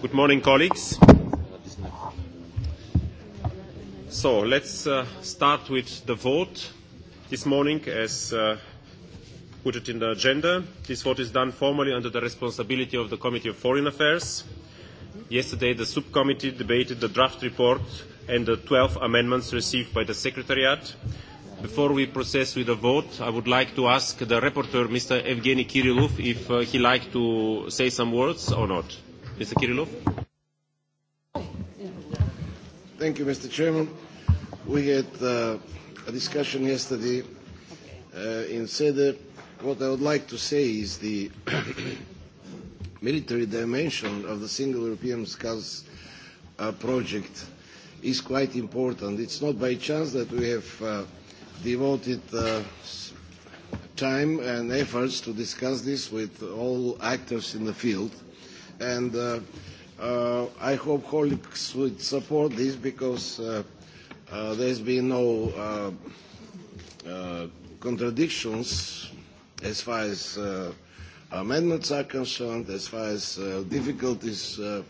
Good morning, colleagues. So let's uh, start with the vote this morning as uh, put it in the agenda. This vote is done formally under the responsibility of the Committee of Foreign Affairs. Yesterday, the subcommittee debated the draft report and the 12 amendments received by the Secretariat. Before we proceed with the vote, I would like to ask the reporter, Mr. Evgeny Kirillov, if uh, he like to say some words or not. Mr. Kirillov. Thank you, Mr. Chairman. We had uh, a discussion yesterday uh, in SEDE. What I would like to say is the military dimension of the Single European Skulls uh, project is quite important. It's not by chance that we have uh, devoted uh, time and efforts to discuss this with all actors in the field. And uh, uh, I hope colleagues would support this because uh, uh, there's been no uh, uh, contradictions as far as uh, amendments are concerned, as far as uh, difficulties uh,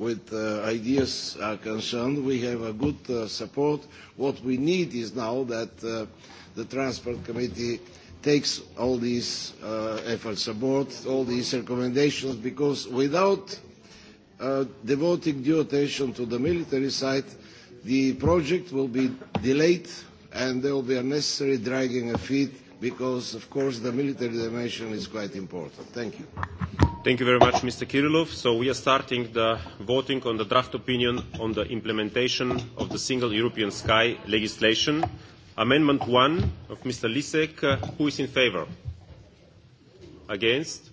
with uh, ideas are concerned. We have a good uh, support. What we need is now that uh, the Transport Committee takes all these uh, efforts aboard, all these recommendations, because without uh, devoting due attention to the military side, the project will be delayed and there will be a necessary dragging of feet because, of course, the military dimension is quite important. Thank you. Thank you very much, Mr. Kirilov. So we are starting the voting on the draft opinion on the implementation of the single European sky legislation. Amendment one of Mr. Lisek. Uh, who is in favor? Against?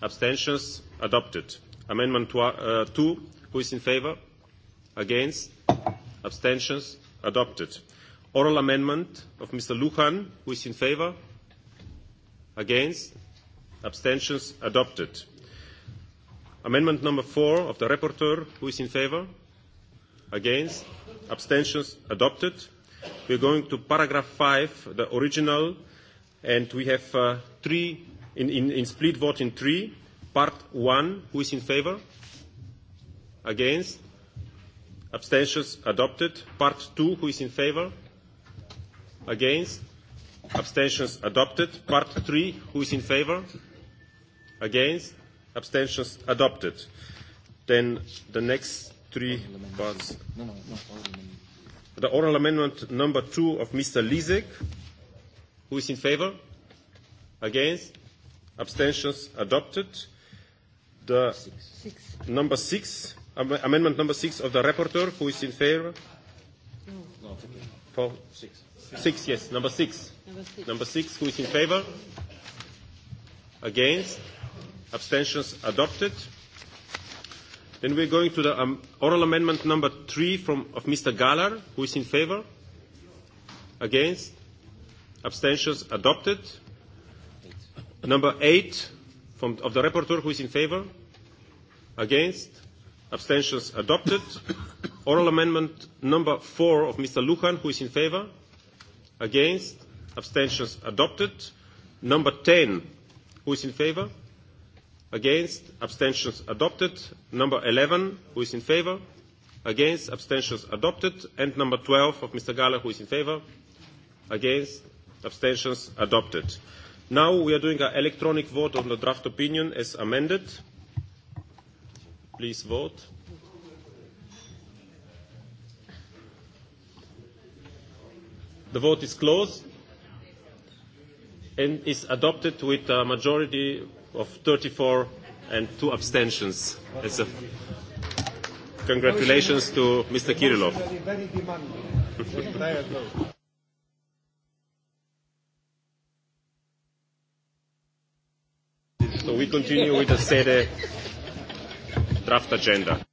Abstentions? Adopted. Amendment tw- uh, two. Who is in favor? Against? Abstentions? Adopted. Oral amendment of Mr. Luhan. Who is in favor? Against? Abstentions? Adopted. Amendment number four of the rapporteur. Who is in favour? Against? Abstentions? Adopted. We're going to paragraph five, the original, and we have uh, three in, in, in split vote in three. Part one. Who is in favour? Against? Abstentions? Adopted. Part two. Who is in favour? Against? Abstentions? Adopted. Part three. Who is in favour? Against? abstentions adopted. Then the next three oral parts. No, no, no, oral the oral amendment number two of Mr. Lisek. Who is in favor? Against? Abstentions adopted. The six. Six. number six, amendment number six of the reporter, who is in favor? Four. Six. six, yes, number six. number six. Number six, who is in favor? Against? Abstentions adopted. Then we're going to the um, oral amendment number three from, of Mr. Galar. Who is in favor? Against? Abstentions adopted. Eight. Number eight from, of the reporter. Who is in favor? Against? Abstentions adopted. oral amendment number four of Mr. Lujan. Who is in favor? Against? Abstentions adopted. Number 10. Who is in favor? against abstentions adopted number 11 who is in favor against abstentions adopted and number 12 of mr galler who is in favor against abstentions adopted now we are doing an electronic vote on the draft opinion as amended please vote the vote is closed and is adopted with a majority of 34 and two abstentions. As a congratulations to Mr. Kirillov. so we continue with the SEDE draft agenda.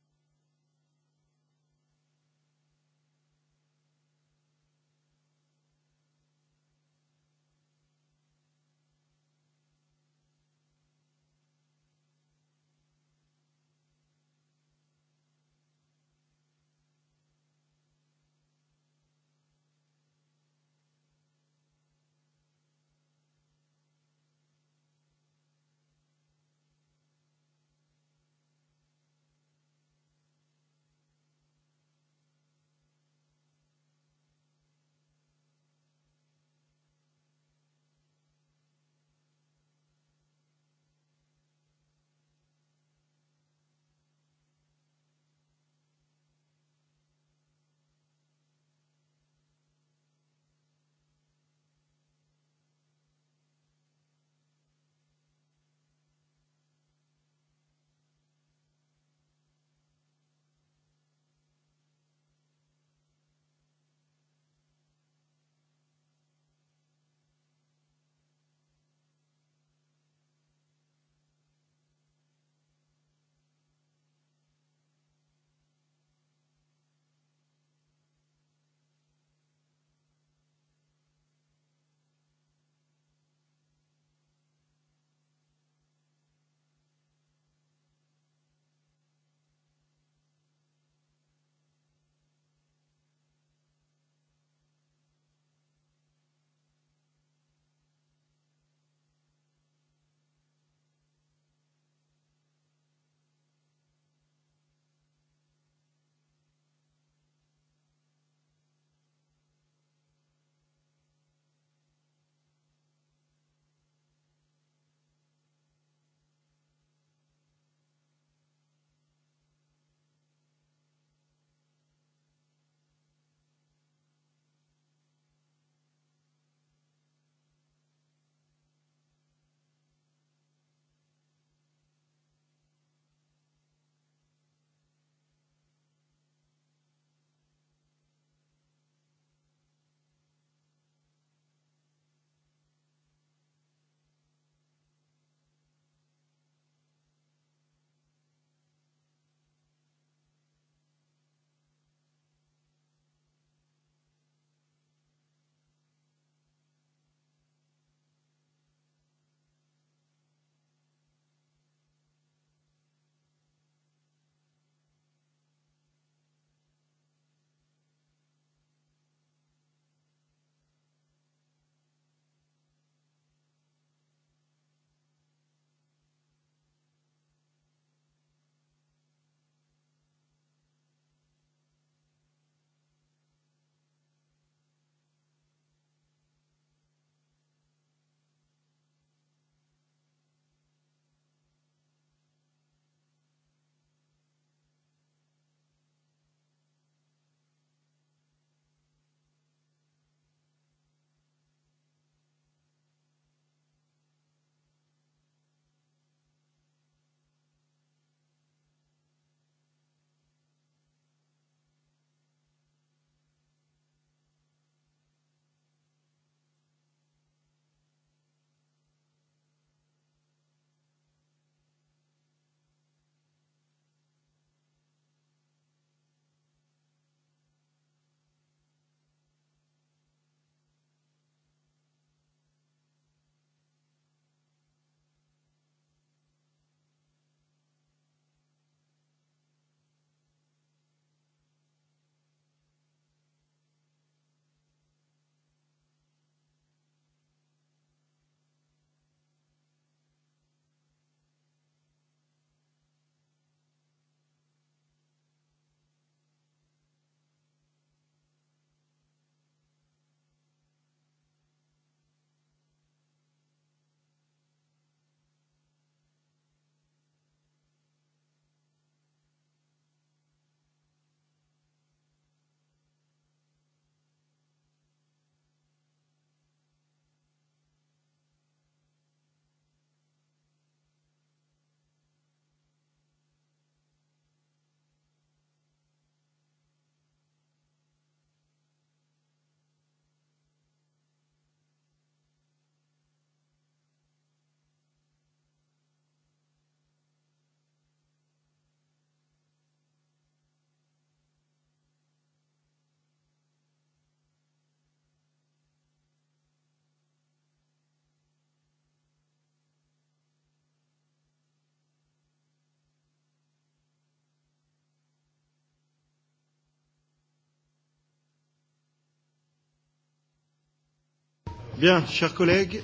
Bien, chers collègues,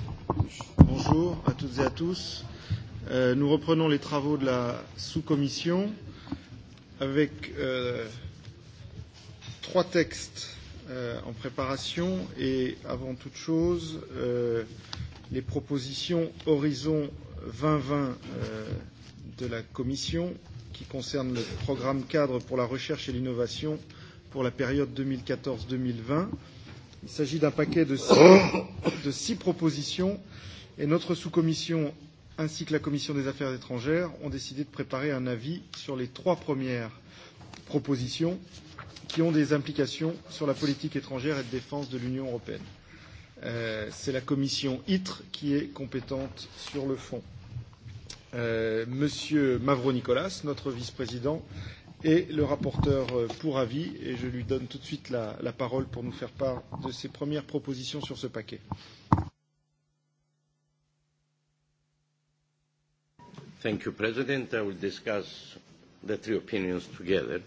bonjour à toutes et à tous. Euh, nous reprenons les travaux de la sous-commission avec euh, trois textes euh, en préparation et avant toute chose, euh, les propositions Horizon 2020 euh, de la Commission qui concernent le programme cadre pour la recherche et l'innovation pour la période 2014-2020. Il s'agit d'un paquet de six, de six propositions et notre sous-commission ainsi que la commission des affaires étrangères ont décidé de préparer un avis sur les trois premières propositions qui ont des implications sur la politique étrangère et de défense de l'Union européenne. Euh, C'est la commission ITRE qui est compétente sur le fond. Euh, monsieur Mavro Nicolas, notre vice-président, et le rapporteur euh, pour avis. Et je lui donne tout de suite la, la parole pour nous faire part de ses premières propositions sur ce paquet. Thank you, President. I will discuss the three opinions together.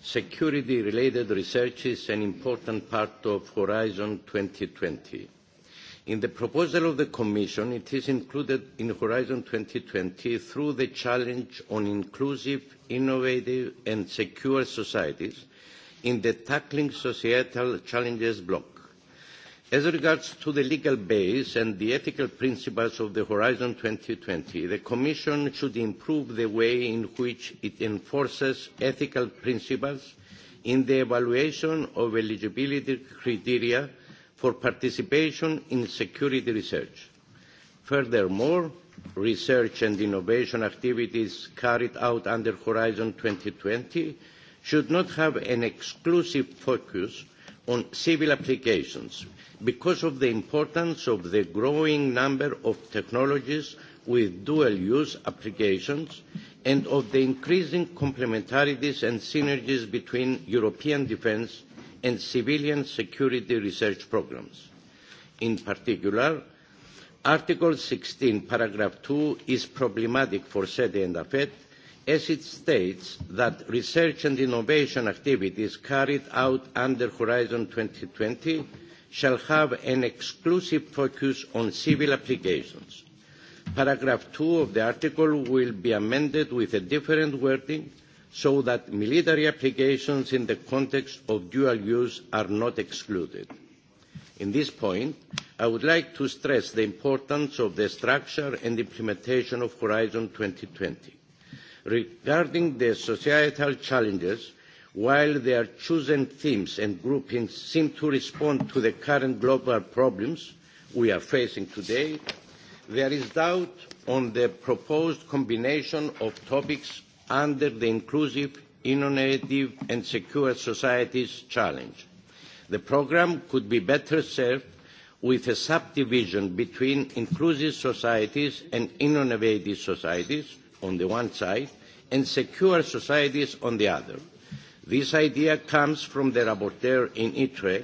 Security-related research is an important part of Horizon 2020. In the proposal of the Commission, it is included in Horizon 2020 through the challenge on inclusive, innovative, and secure societies in the tackling societal challenges block. As regards to the legal base and the ethical principles of the Horizon 2020, the Commission should improve the way in which it enforces ethical principles in the evaluation of eligibility criteria for participation in security research. Furthermore, research and innovation activities carried out under Horizon 2020 should not have an exclusive focus on civil applications because of the importance of the growing number of technologies with dual-use applications and of the increasing complementarities and synergies between European defence and civilian security research programs. In particular, Article 16, paragraph 2 is problematic for SETI and AFET as it states that research and innovation activities carried out under Horizon 2020 shall have an exclusive focus on civil applications. Paragraph 2 of the article will be amended with a different wording so that military applications in the context of dual use are not excluded. In this point, I would like to stress the importance of the structure and implementation of Horizon 2020. Regarding the societal challenges, while their chosen themes and groupings seem to respond to the current global problems we are facing today, there is doubt on the proposed combination of topics under the inclusive, innovative and secure societies challenge. The programme could be better served with a subdivision between inclusive societies and innovative societies on the one side and secure societies on the other. This idea comes from the rapporteur in ITRE,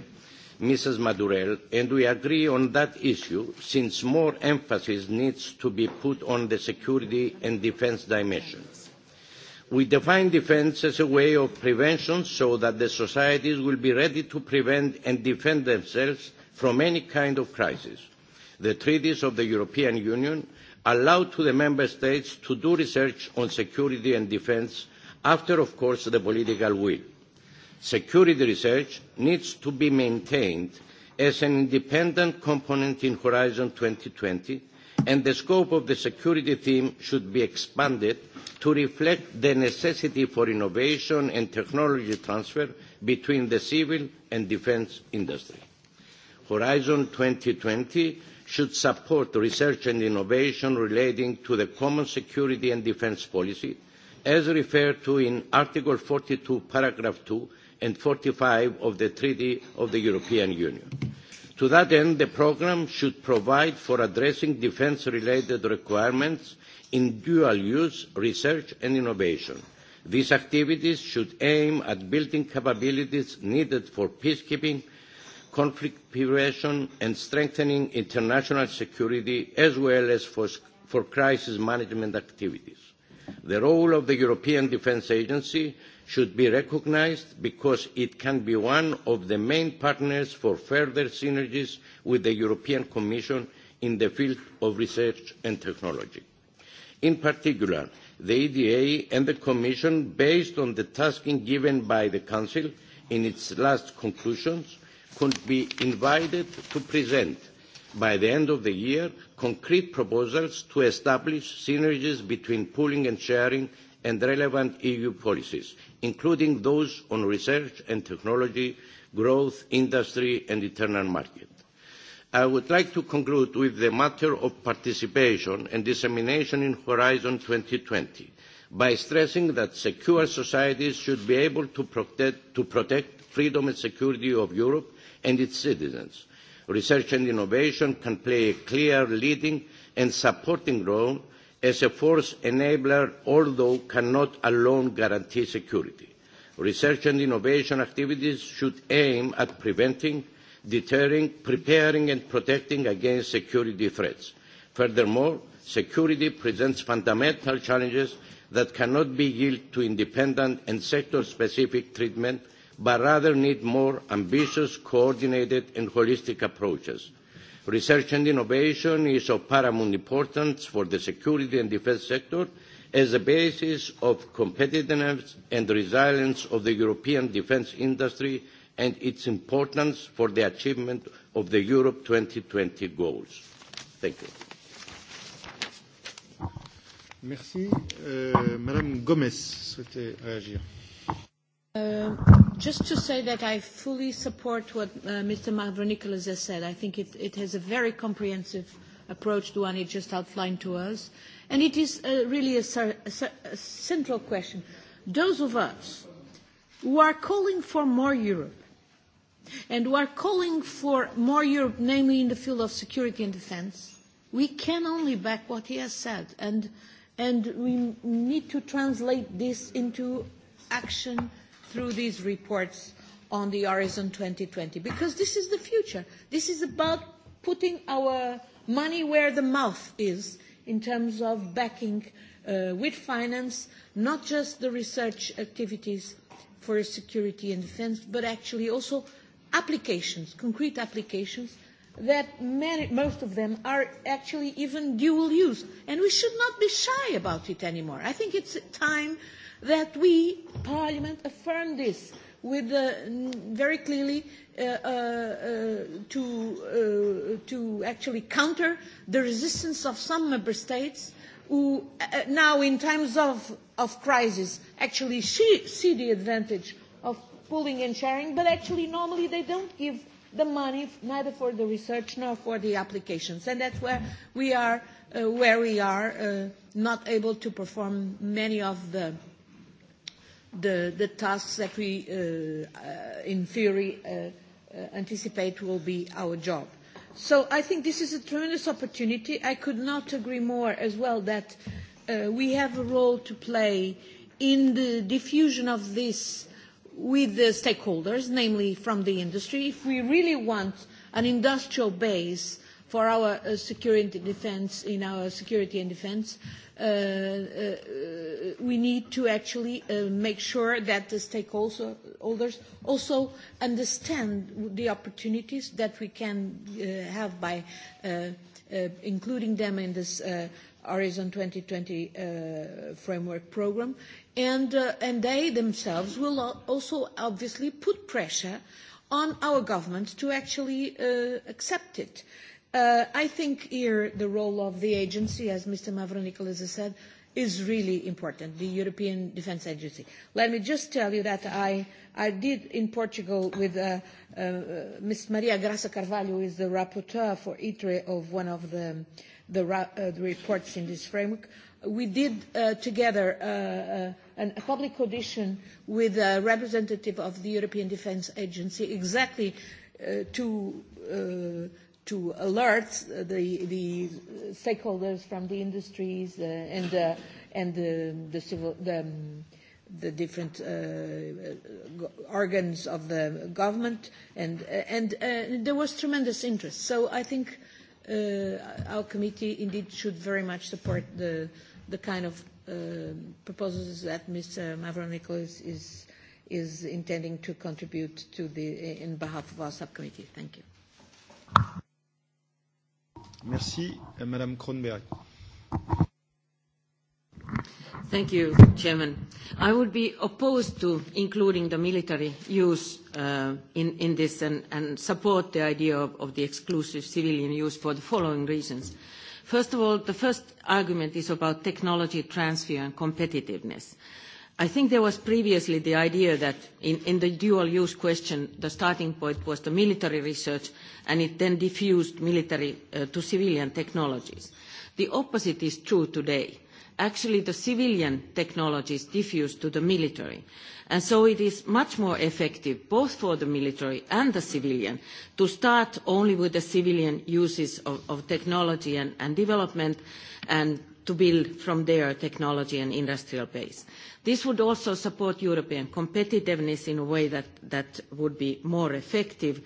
Mrs. Madurell, and we agree on that issue since more emphasis needs to be put on the security and defence dimensions. We define defense as a way of prevention so that the societies will be ready to prevent and defend themselves from any kind of crisis. The treaties of the European Union allow to the member states to do research on security and defense after, of course, the political will. Security research needs to be maintained as an independent component in Horizon 2020 and the scope of the security theme should be expanded to reflect the necessity for innovation and technology transfer between the civil and defence industry. Horizon 2020 should support research and innovation relating to the common security and defence policy, as referred to in Article 42, Paragraph 2 and 45 of the Treaty of the European Union. To that end, the programme should provide for addressing defence related requirements in dual use research and innovation. These activities should aim at building capabilities needed for peacekeeping, conflict prevention and strengthening international security as well as for, for crisis management activities. The role of the European Defence Agency should be recognized because it can be one of the main partners for further synergies with the European Commission in the field of research and technology. In particular, the EDA and the Commission, based on the tasking given by the Council in its last conclusions, could be invited to present by the end of the year concrete proposals to establish synergies between pooling and sharing and relevant EU policies, including those on research and technology, growth, industry and internal market. I would like to conclude with the matter of participation and dissemination in Horizon 2020 by stressing that secure societies should be able to protect, to protect freedom and security of Europe and its citizens. Research and innovation can play a clear leading and supporting role as a force enabler, although cannot alone guarantee security. Research and innovation activities should aim at preventing, deterring, preparing and protecting against security threats. Furthermore, security presents fundamental challenges that cannot be yielded to independent and sector-specific treatment, but rather need more ambitious, coordinated and holistic approaches. Research and innovation is of paramount importance for the security and defence sector as a basis of competitiveness and resilience of the European defence industry and its importance for the achievement of the Europe 2020 goals. Thank you. Merci. Euh, Madame Gomez souhaitait réagir. Um, just to say that I fully support what uh, Mr. Mavronikolas has said. I think it, it has a very comprehensive approach to one he just outlined to us. And it is a, uh, really a, a, a central question. Those of us who are calling for more Europe, and who are calling for more Europe, namely in the field of security and defence, we can only back what he has said. And, and we need to translate this into action through these reports on the Horizon 2020, because this is the future. This is about putting our money where the mouth is in terms of backing uh, with finance, not just the research activities for security and defense, but actually also applications, concrete applications, that many, most of them are actually even dual use. And we should not be shy about it anymore. I think it's time uh, that we, Parliament, affirm this with the, uh, very clearly uh, uh, uh, to, uh, to actually counter the resistance of some member states who uh, now in times of, of crisis actually see, see the advantage of pooling and sharing, but actually normally they don't give the money neither for the research nor for the applications. And that's where we are, uh, where we are uh, not able to perform many of the, uh, the, the tasks that we, uh, uh, in theory, uh, uh, anticipate will be our job. So I think this is a tremendous opportunity. I could not agree more as well that uh, we have a role to play in the diffusion of this with the stakeholders, namely from the industry. If we really want an industrial base for our uh, security defense, in our security and defense, uh, Uh, uh, we need to actually uh, make sure that the stakeholders also understand the opportunities that we can uh, have by uh, uh, including them in this uh, Horizon 2020 uh, framework program. And, uh, and they themselves will also obviously put pressure on our governments to actually uh, accept it. Uh, Uh, I think here the role of the agency, as Mr. Mavronikolis has said, is really important, the European Defence Agency. Let me just tell you that I, I did in Portugal with uh, uh, Ms. Maria Graça Carvalho, who is the rapporteur for ITRE of one of the, the, ra- uh, the reports in this framework. We did uh, together uh, uh, a public audition with a representative of the European Defence Agency exactly uh, to uh, to alert the the stakeholders from the industries uh, and uh, and the the, civil, the, um, the different uh, uh organs of the government and uh, and uh, there was tremendous interest. So I think uh, our committee indeed should very much support the the kind of uh, proposals that Mr. Mavro Nicholas is is intending to contribute to the in behalf of our subcommittee. Thank you. Merci. Madame Kronberg. Thank you, Chairman. I would be opposed to including the military use uh, in, in this and, and support the idea of, of the exclusive civilian use for the following reasons. First of all, the first argument is about technology transfer and competitiveness. Uh, I think there was previously the idea that in, in the dual use question, the starting point was the military research, and it then diffused military uh, to civilian technologies. The opposite is true today. Actually, the civilian technologies diffuse to the military. And so it is much more effective, both for the military and the civilian, to start only with the civilian uses of, of technology and, and development, and to build from their technology and industrial base. This would also support European competitiveness in a way that would be more effective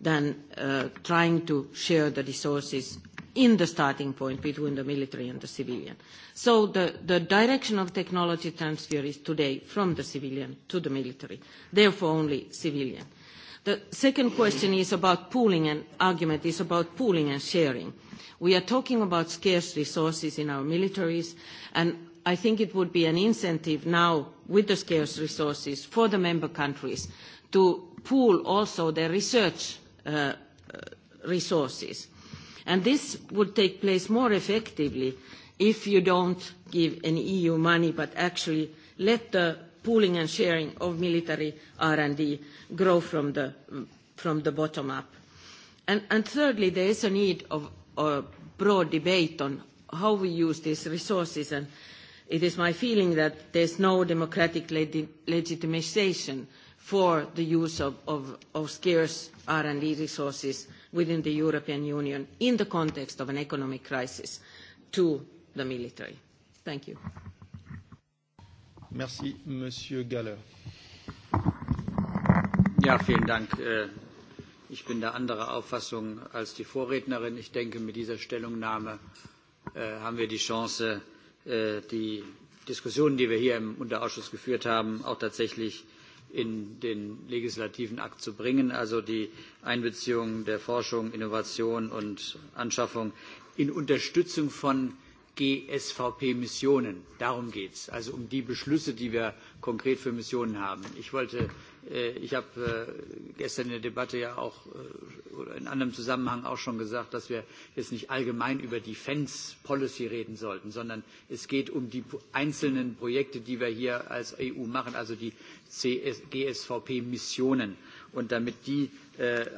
than uh, trying to share the resources in the starting point between the military and the civilian. The direction of technology transfer is today from the civilian to the military, therefore only civilian. The second question is about pooling and argument is about pooling and sharing. We are talking about scarce resources in our militaries, and I think it would be an incentive now with the scarce resources for the member countries to pool also their research uh, uh, resources. This would take place more effectively if you don't give any EU money, but actually let the pooling and sharing of military R&D grow from the, from the bottom up. And, and thirdly, there is a need of a broad debate on how we use these resources. And it is my feeling that there is no democratic le legitimization for the use of, of, of scarce R&D resources within the European Union in the context of an economic crisis to the military. Thank you. Merci, Monsieur Galler. Herr ja, präsident! Äh, ich bin da anderer auffassung als die vorrednerin. ich denke mit dieser stellungnahme äh, haben wir die chance äh, die diskussionen die wir hier im unterausschuss geführt haben auch tatsächlich in den legislativen akt zu bringen also die einbeziehung der forschung innovation und anschaffung in unterstützung von gsvp missionen. darum geht es also um die beschlüsse die wir konkret für missionen haben. ich wollte Äh, ich habe äh, gestern in der Debatte ja auch äh, oder in anderem Zusammenhang auch schon gesagt, dass wir jetzt nicht allgemein über Defense Policy reden sollten, sondern es geht um die einzelnen Projekte, die wir hier als EU machen, also die GSVP-Missionen. Und damit die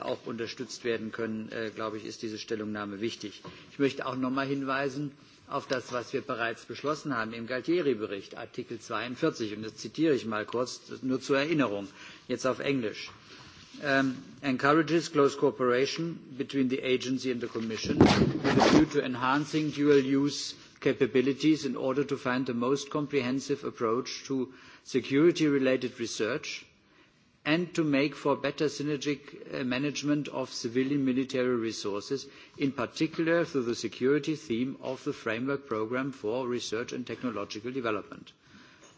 auch unterstützt werden können, glaube ich, ist diese Stellungnahme wichtig. Ich möchte auch noch einmal hinweisen, auf das, was wir bereits beschlossen haben im Galtieri-Bericht, Artikel 42. Und das zitiere ich mal kurz, nur zur Erinnerung, jetzt auf Englisch. Um, encourages close cooperation between the agency and the commission with a view to enhancing dual use capabilities in order to find the most comprehensive approach to security related research and to make for better synergic uh, management of civilian military resources, in particular through the security theme of the framework program for research and technological development.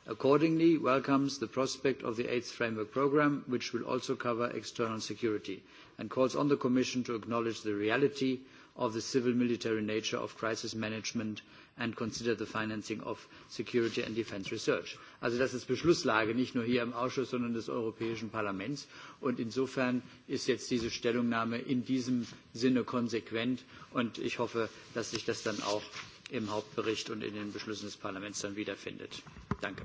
Accordingly, welcomes the prospect of the eighth framework program, which will also cover external security, and calls on the Commission to acknowledge the reality of the civil military nature of crisis management and consider the financing of security and defense research. Also das ist Beschlusslage, nicht nur hier im Ausschuss, sondern des Europäischen Parlaments. Und insofern ist jetzt diese Stellungnahme in diesem Sinne konsequent. Und ich hoffe, dass sich das dann auch im Hauptbericht und in den Beschlüssen des Parlaments dann wiederfindet. Danke.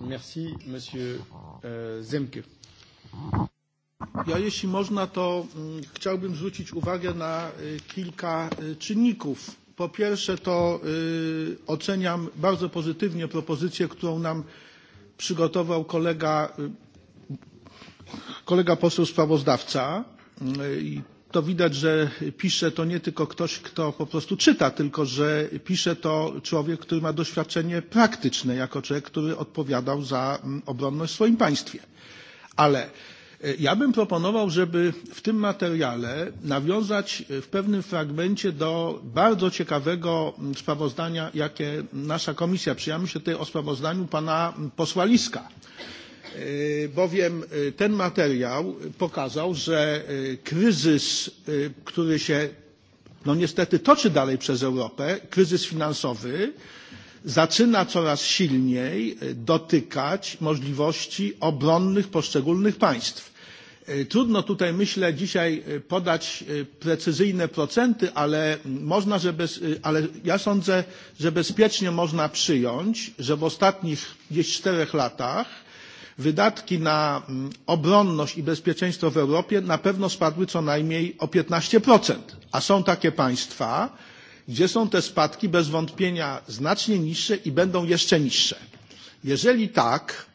Merci, Monsieur euh, Zemke. Ja, jeśli można, to mm, chciałbym zwrócić uwagę na kilka czynników. Po pierwsze, to oceniam bardzo pozytywnie propozycję, którą nam przygotował kolega, kolega poseł sprawozdawca. Mm, I to widać, że pisze to nie tylko ktoś, kto po prostu czyta, tylko że pisze to człowiek, który ma doświadczenie praktyczne, jako człowiek, który odpowiadał za mm, obronność w swoim państwie. Ale e, ja bym proponował, żeby w tym materiale nawiązać e, w pewnym fragmencie do bardzo ciekawego mm, sprawozdania, jakie nasza komisja przyjęła. się tutaj o sprawozdaniu pana mm, posła Liska. E, bowiem ten materiał pokazał, że kryzys, który się no niestety toczy dalej przez Europę, kryzys finansowy, zaczyna coraz silniej e, dotykać możliwości obronnych poszczególnych państw. E, trudno tutaj, myślę, dzisiaj e, podać precyzyjne procenty, ale, można, że bez, ale ja sądzę, że bezpiecznie można przyjąć, że w ostatnich gdzieś czterech latach wydatki na mm, obronność i bezpieczeństwo w Europie na pewno spadły co najmniej o 15%. A są takie państwa, gdzie są te spadki bez wątpienia znacznie niższe i będą jeszcze niższe. Jeżeli tak,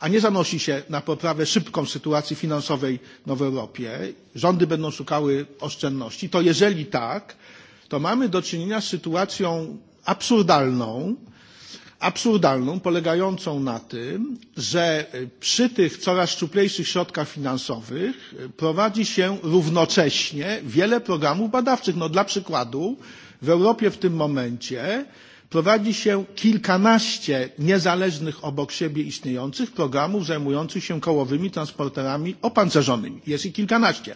a nie zanosi się na poprawę szybką sytuacji finansowej no w Europie, rządy będą szukały oszczędności, to jeżeli tak, to mamy do czynienia z sytuacją absurdalną, absurdalną, polegającą na tym, że przy tych coraz szczuplejszych środkach finansowych prowadzi się równocześnie wiele programów badawczych. No, dla przykładu, W Europie w tym momencie prowadzi się kilkanaście niezależnych obok siebie istniejących programów zajmujących się kołowymi transporterami opancerzonymi. Jest ich kilkanaście.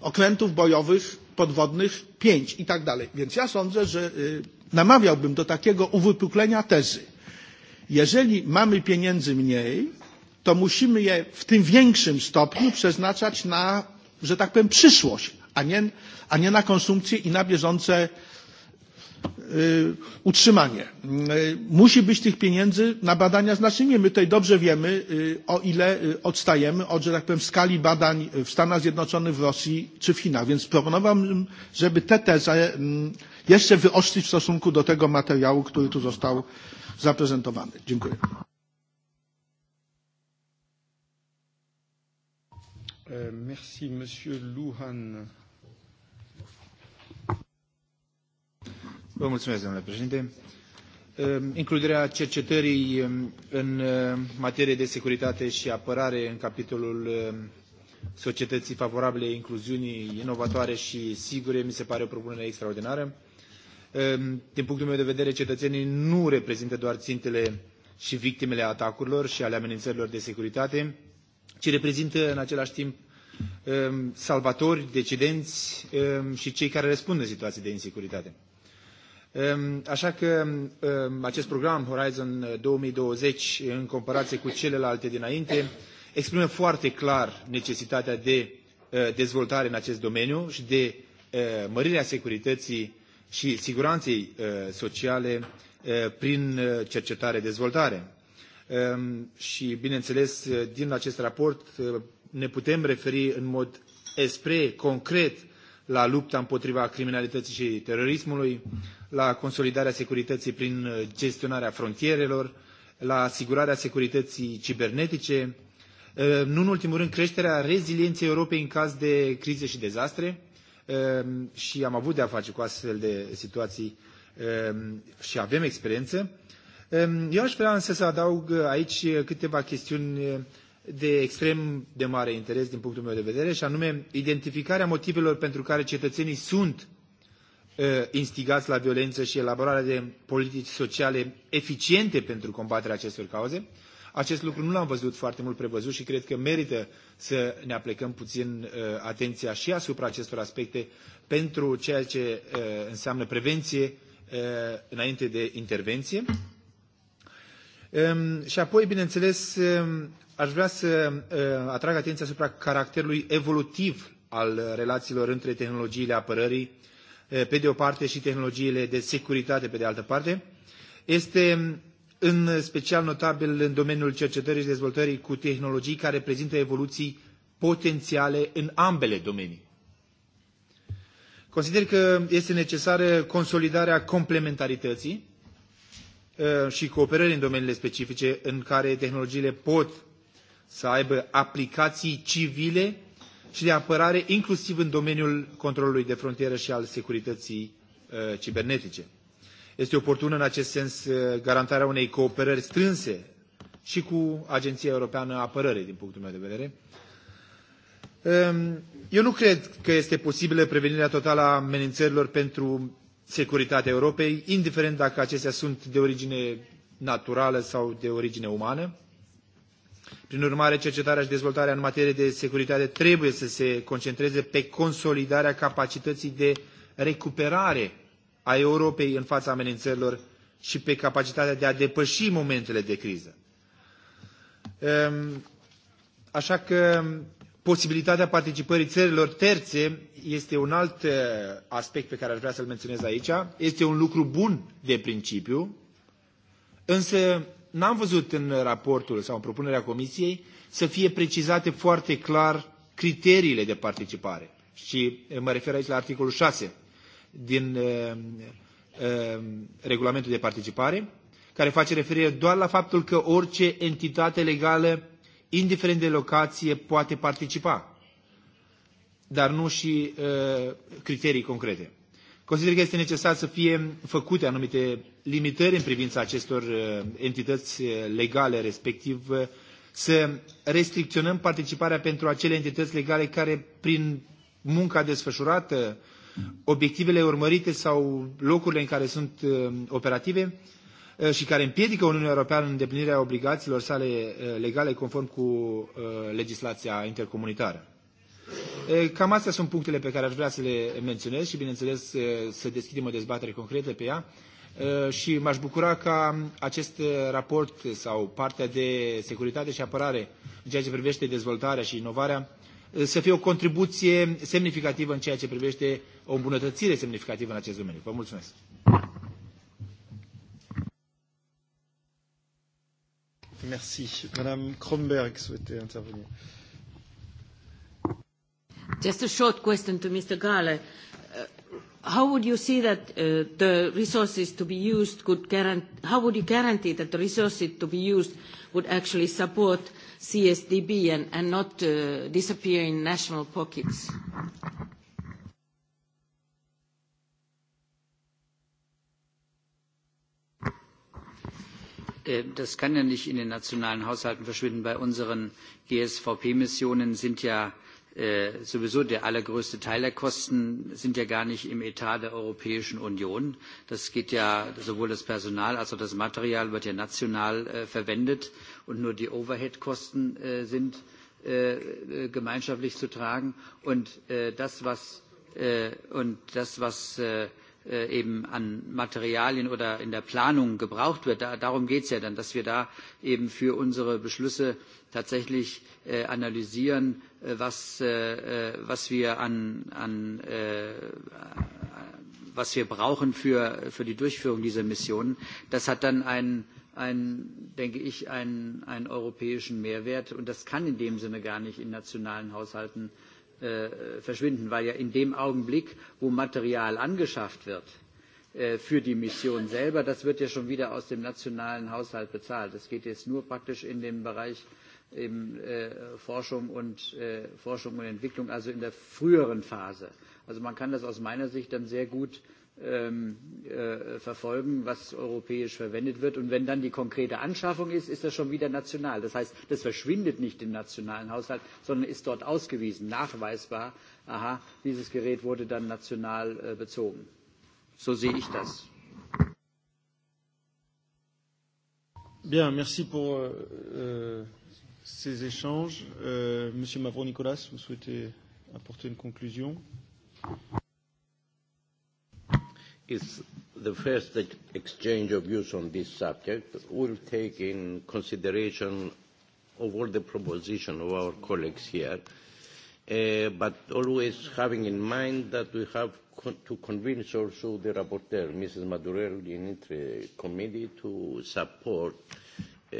Okrętów bojowych, podwodnych pięć i tak dalej. Więc ja sądzę, że namawiałbym do takiego uwypuklenia tezy. Jeżeli mamy pieniędzy mniej, to musimy je w tym większym stopniu przeznaczać na, że tak powiem, przyszłość, a nie, a nie na konsumpcję i na bieżące y, utrzymanie. Y, musi być tych pieniędzy na badania znacznie. My tutaj dobrze wiemy, y, o ile y, odstajemy od, że tak powiem, skali badań w Stanach Zjednoczonych, w Rosji czy w Chinach. Więc proponowałbym, żeby te tezę y, jeszcze wyostrzyć w stosunku do tego materiału, który tu został zaprezentowany. Dziękuję. E, merci, Monsieur Louhan. Ehm, includerea cercetării ehm, în ehm, materie de securitate și apărare în capitolul societății favorabile incluziunii inovatoare și sigure mi se pare o propunere extraordinară. Din punctul meu de vedere, cetățenii nu reprezintă doar țintele și victimele atacurilor și ale amenințărilor de securitate, ci reprezintă în același timp salvatori, decidenți și cei care răspund în situații de insecuritate. Ehm, așa că ehm, acest program Horizon 2020, eh, în comparație cu celelalte dinainte, exprimă foarte clar necesitatea de eh, dezvoltare în acest domeniu și de eh, mărirea securității și siguranței sociale prin cercetare-dezvoltare. Ehm, și, bineînțeles, din acest raport ne putem referi în mod spre concret uh, la lupta împotriva criminalității și terorismului, la consolidarea securității prin uh, gestionarea frontierelor, la asigurarea securității cibernetice, uh, nu în ultimul rând creșterea rezilienței Europei în caz de crize și dezastre uh, și am avut de a face cu astfel de situații um, și avem experiență. Um, eu aș vrea însă să adaug aici câteva chestiuni de extrem de mare interes din punctul meu de vedere, și anume identificarea motivelor pentru care cetățenii sunt instigați la violență și elaborarea de politici sociale eficiente pentru combaterea acestor cauze. Acest lucru nu l-am văzut foarte mult prevăzut și cred că merită să ne aplicăm puțin atenția și asupra acestor aspecte pentru ceea ce înseamnă prevenție înainte de intervenție. Și apoi, bineînțeles, aș vrea să atrag atenția asupra caracterului evolutiv al relațiilor între tehnologiile apărării, e, pe de o parte, și tehnologiile de securitate, pe de altă parte. Este în special notabil în domeniul cercetării și dezvoltării cu tehnologii care prezintă evoluții potențiale în ambele domenii. Consider că este necesară consolidarea complementarității, Eh, și cooperări în domeniile specifice în care tehnologiile pot să aibă aplicații civile și de apărare, inclusiv în domeniul controlului de frontieră și al securității eh, cibernetice. Este oportună în acest sens eh, garantarea unei cooperări strânse și cu Agenția Europeană a Apărării, din punctul meu de vedere. Eu nu cred că este posibilă prevenirea totală a amenințărilor pentru securitatea Europei, indiferent dacă acestea sunt de origine naturală sau de origine umană. Prin urmare, cercetarea și dezvoltarea în materie de securitate trebuie să se concentreze pe consolidarea capacității de recuperare a Europei în fața amenințărilor și pe capacitatea de a depăși momentele de criză. Ehm, așa că Posibilitatea participării țărilor terțe este un alt uh, aspect pe care aș vrea să-l menționez aici. Este un lucru bun de principiu, însă n-am văzut în raportul sau în propunerea comisiei să fie precizate foarte clar criteriile de participare. Și mă refer aici la articolul 6 din uh, uh, regulamentul de participare, care face referire doar la faptul că orice entitate legală indiferent de locație, poate participa, dar nu și uh, criterii concrete. Consider că este necesar să fie făcute anumite limitări în privința acestor uh, entități uh, legale, respectiv uh, să restricționăm participarea pentru acele entități legale care, prin munca desfășurată, obiectivele urmărite sau locurile în care sunt uh, operative, uh, Eh, și care împiedică Uniunea Europeană în îndeplinirea obligațiilor sale eh, legale conform cu eh, legislația intercomunitară. Cam astea sunt punctele pe care aș vrea să le menționez și, bineînțeles, să deschidem o dezbatere concretă pe ea. Și m-aș bucura ca acest raport sau partea de securitate și apărare în ceea ce privește dezvoltarea și inovarea să fie o contribuție semnificativă în ceea ce privește o îmbunătățire semnificativă în acest domeniu. Vă mulțumesc! Merci. Madame Kronberg souhaitait intervenir. Just a short question to Mr. Gale. Uh, how would you see that uh, the resources to be used could guarantee, how would you guarantee that the resources to be used would actually support CSDB and, and not uh, disappear in national pockets? Äh, das kann ja nicht in den nationalen Haushalten verschwinden. Bei unseren GSVP-Missionen sind ja äh, sowieso der allergrößte Teil der Kosten sind ja gar nicht im Etat der Europäischen Union. Das geht ja sowohl das Personal als auch das Material wird ja national äh, verwendet und nur die Overhead-Kosten äh, sind äh, äh gemeinschaftlich zu tragen. Und äh, das, was, äh, und das, was äh, Äh, eben an Materialien oder in der Planung gebraucht wird. Da, darum geht es ja dann, dass wir da eben für unsere Beschlüsse tatsächlich äh, analysieren, äh, was, äh, äh, was, wir an, an, äh, was wir brauchen für, für die Durchführung dieser Missionen. Das hat dann einen, einen denke ich, einen, einen europäischen Mehrwert. Und das kann in dem Sinne gar nicht in nationalen Haushalten äh, äh, verschwinden, weil ja in dem Augenblick, wo Material angeschafft wird äh, für die Mission selber, das wird ja schon wieder aus dem nationalen Haushalt bezahlt. Das geht jetzt nur praktisch in dem Bereich eben, äh, Forschung, und, äh, Forschung und Entwicklung, also in der früheren Phase. Also man kann das aus meiner Sicht dann sehr gut äh, ähm, äh, verfolgen, was europäisch verwendet wird. Und wenn dann die konkrete Anschaffung ist, ist das schon wieder national. Das heißt, das verschwindet nicht im nationalen Haushalt, sondern ist dort ausgewiesen, nachweisbar, aha, dieses Gerät wurde dann national äh, bezogen. So sehe ich das. Bien, merci pour euh, euh ces échanges. Euh, Monsieur Mavro-Nicolas, vous souhaitez apporter une conclusion is the first exchange of views on this subject. We'll take in consideration of all the proposition of our colleagues here, uh, but always having in mind that we have con to convince also the rapporteur, Mrs. Madurell, in the committee to support uh,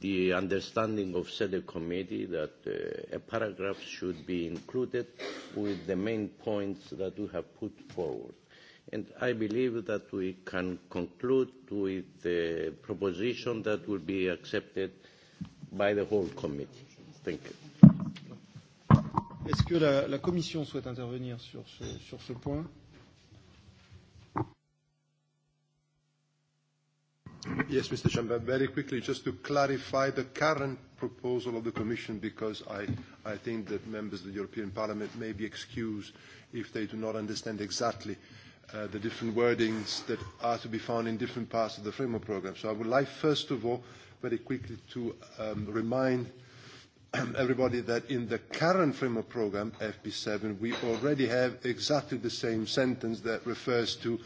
the understanding of SEDE committee that uh, a paragraph should be included with the main points that we have put forward. And I believe that we can conclude with the proposition that will be accepted by the whole committee. Thank you. Est-ce que la, la Commission souhaite intervenir sur ce, sur ce point Yes, Mr. Chamber, very quickly, just to clarify the current proposal of the Commission, because I, I think that members of the European Parliament may be excused if they do not understand exactly uh, uh, the different wordings that are to be found in different parts of the framework program. So I would like, first of all, very quickly to um, remind everybody that in the current framework program, FP7, we already have exactly the same sentence that refers to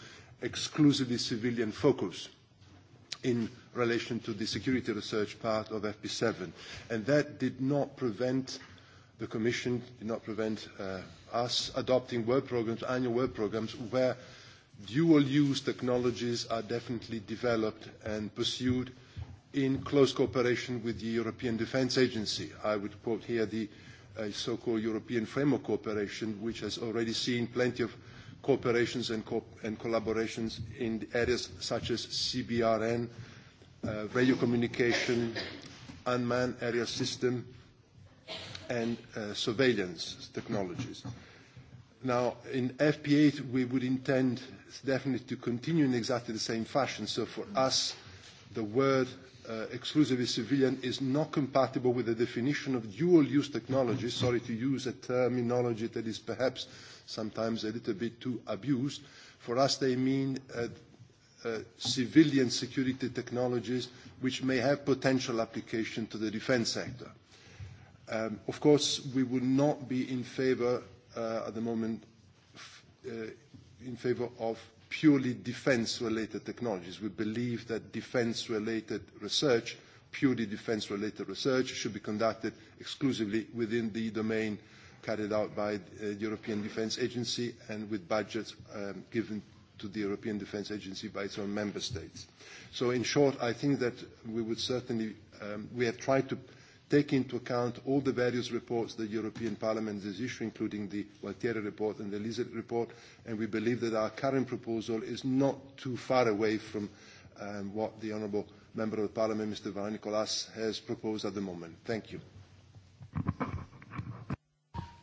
exclusively civilian focus in relation to the security research part of FP7. And that did not prevent the Commission did not prevent uh, us adopting work programs, annual work programs, where dual-use technologies are definitely developed and pursued in close cooperation with the European Defence Agency. I would quote here the uh, so-called European Framework Cooperation, which has already seen plenty of cooperations and, co- and collaborations in areas such as CBRN, uh, radio communication, unmanned area system, and uh, surveillance technologies. Now, in FP8, we would intend definitely to continue in exactly the same fashion. So for us, the word uh, exclusively civilian is not compatible with the definition of dual-use technology. Sorry to use a terminology that is perhaps sometimes a little bit too abused. For us, they mean uh, uh, civilian security technologies which may have potential application to the defense sector. Um, of course, we would not be in favor uh, at the moment f- uh, in favor of purely defense-related technologies. We believe that defense-related research, purely defense-related research, should be conducted exclusively within the domain carried out by uh, the European Defense Agency and with budgets um, given to the European Defense Agency by its own member states. So in short, I think that we would certainly, um, we have tried to take into account all the various reports the European Parliament has issued, including the Waltieri report and the Lizard report, and we believe that our current proposal is not too far away from um, what the Honourable Member of the Parliament, Mr. Van Nicolas, has proposed at the moment. Thank you.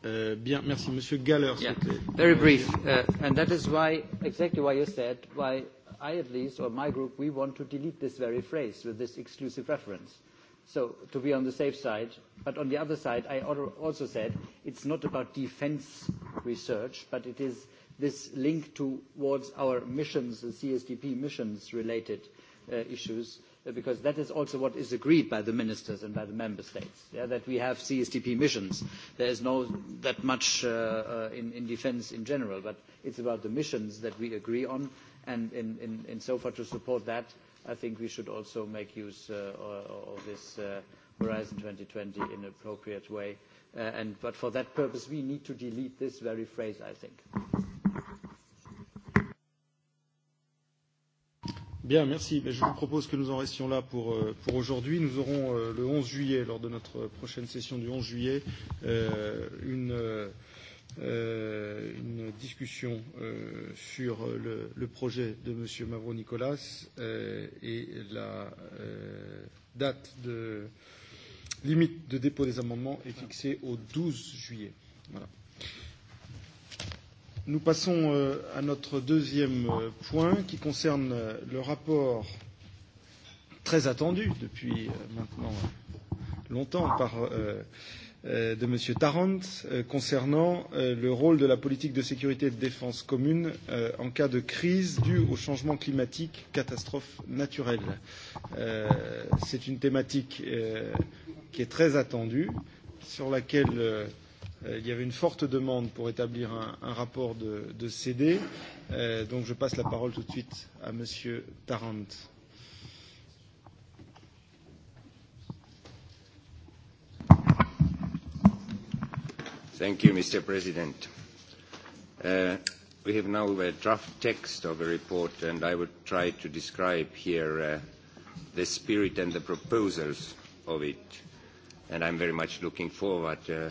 Uh, bien, merci. Monsieur Galler, yeah. Very brief, uh, and that is why, exactly why you said, why I at least, or my group, we want to delete this very phrase with this exclusive reference. To be on the safe side. On the other side, I also said it's not about defense research, but it is this link towards our missions, the CSDP missions related uh, issues, uh, because that is also what is agreed by the ministers and by the member states. Yeah, that we have CSDP missions. There's not that much uh, in defense in general, but it's about the missions that we agree on and in so far to support that, I think we should also make use uh, of this uh, Horizon 2020 in an appropriate way. Uh, for that purpose, we need to delete this very phrase, I think. Bien, merci. Je vous propose que nous en restions là pour euh, aujourd'hui. Nous aurons euh, le 11 juillet, lors de notre prochaine session du 11 juillet, euh, une euh, une discussion euh, sur le, le projet de M. Mavro Nicolas euh, et la euh, date de limite de dépôt des amendements est fixée au 12 juillet. Voilà. Nous passons euh, à notre deuxième euh, point qui concerne euh, le rapport très attendu depuis euh, maintenant longtemps par euh, Euh, de M. Tarrant euh, concernant euh, le rôle de la politique de sécurité et de défense commune euh, en cas de crise due au changement climatique, catastrophe naturelle. Euh, C'est une thématique euh, qui est très attendue, sur laquelle euh, il y avait une forte demande pour établir un, un rapport de, de CD. Euh, donc je passe la parole tout de suite à M. Tarrant. Euh, mr president uh, we have now a draft text of a report and i will try to describe here uh, the spirit and the proposals of it and i'm very much looking forward uh,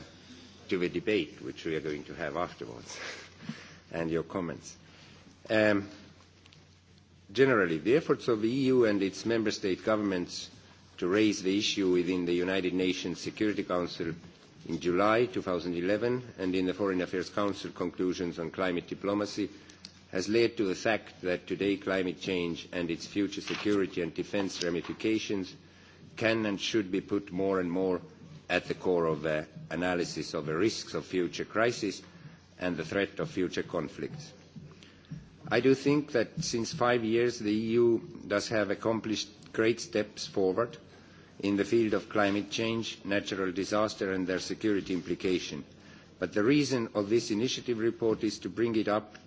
to the debate which we are going to have afterwards and your comments um, generally the efforts of the eu and its member state governments to raise the issue within the united nations security council in July 2011 and in the Foreign Affairs Council conclusions on climate diplomacy has led to the fact that today climate change and its future security and defense ramifications can and should be put more and more at the core of uh, analysis of the risks of future crisis and the threat of future conflicts. I do think that since five years the EU does have accomplished great steps forward in the field of climate change, natural disaster and their security implication. But the reason of this initiative report is to bring it up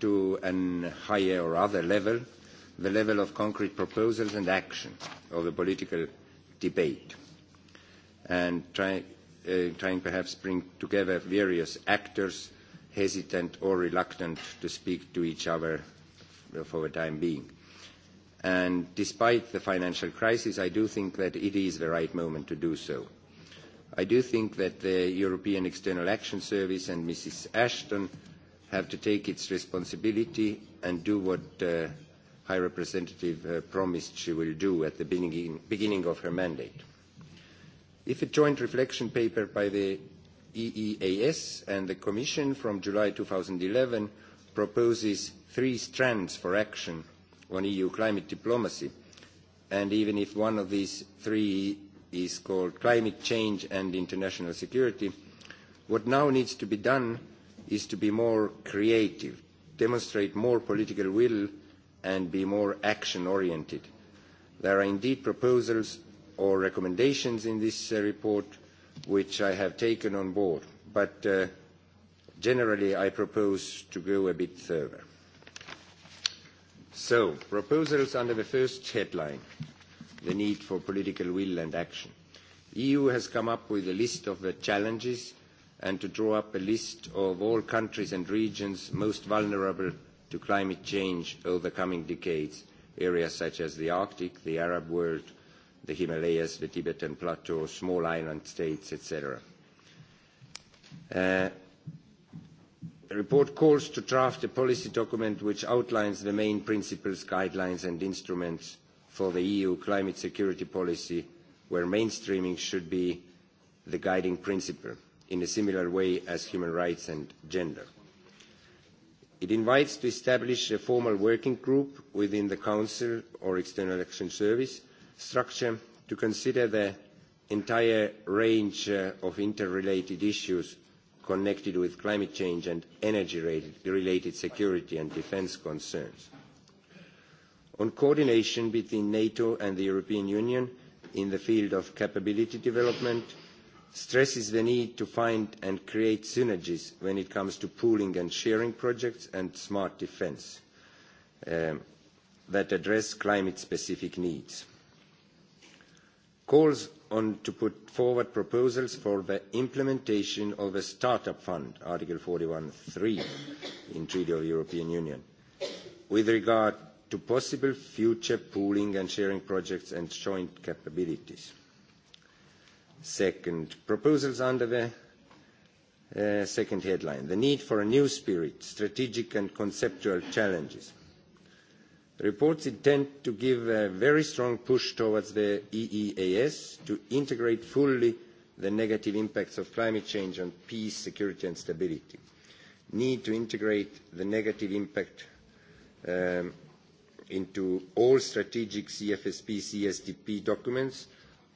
to a higher or other level, the level of concrete proposals and action of the political debate, and try, uh, trying perhaps bring together various actors hesitant or reluctant to speak to each other for the time being. Despite the financial crisis, I do think that it is the right moment to do so. I do think that the European External Action Service and Mrs. Ashton have to take its responsibility and do what uh, High Representative uh, promised she will do at the beginning of her mandate. If a joint reflection paper by the EEAS and the Commission from July 2011 proposes three strands for action on EU climate diplomacy. And even if one of these three is called climate change and international security, what now needs to be done is to be more creative, demonstrate more political will, and be more action-oriented. There are indeed proposals or recommendations in this uh, report which I have taken on board, but uh, generally I propose to go a bit further. Proposals under the first headline, the need for political will and action. EU has come up with a list of the challenges and to draw up a list of all countries and regions most vulnerable to climate change over the coming decades, areas such as the Arctic, the Arab world, the Himalayas, the Tibetan Plateau, small island states, etc. The report calls to draft a policy document which outlines the main principles, guidelines and instruments for the EU climate security policy where mainstreaming should be the guiding principle in a similar way as human rights and gender. It invites to establish a formal working group within the Council or External Action Service structure to consider the entire range uh, of interrelated issues connected with climate change and energy-related security and defence concerns. On coordination between NATO and the European Union in the field of capability development, stresses the need to find and create synergies when it comes to pooling and sharing projects and smart defence um, that address climate-specific needs. Calls on to put forward proposals for the implementation of a startup fund, Article 41.3 in Treaty of European Union, with regard to possible future pooling and sharing projects and joint capabilities. Second, proposals under the uh, second headline, the need for a new spirit, strategic and conceptual challenges reports intend to give a very strong push towards the EEAS to integrate fully the negative impacts of climate change on peace, security and stability. Need to integrate the negative impact um, into all strategic CFSP, CSDP documents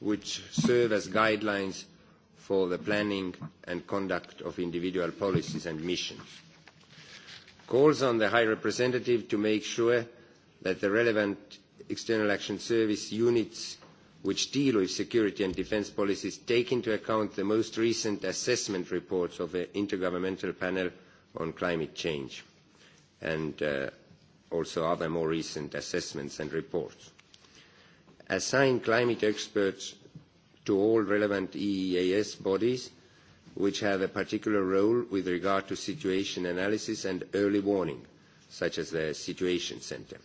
which serve as guidelines for the planning and conduct of individual policies and missions. Calls on the High Representative to make sure that the relevant external action service units which deal with security and defence policies take into account the most recent assessment reports of the Intergovernmental Panel on Climate Change and uh, also other more recent assessments and reports. Assign climate experts to all relevant EEAS bodies which have a particular role with regard to situation analysis and early warning, such as the Situation Centre.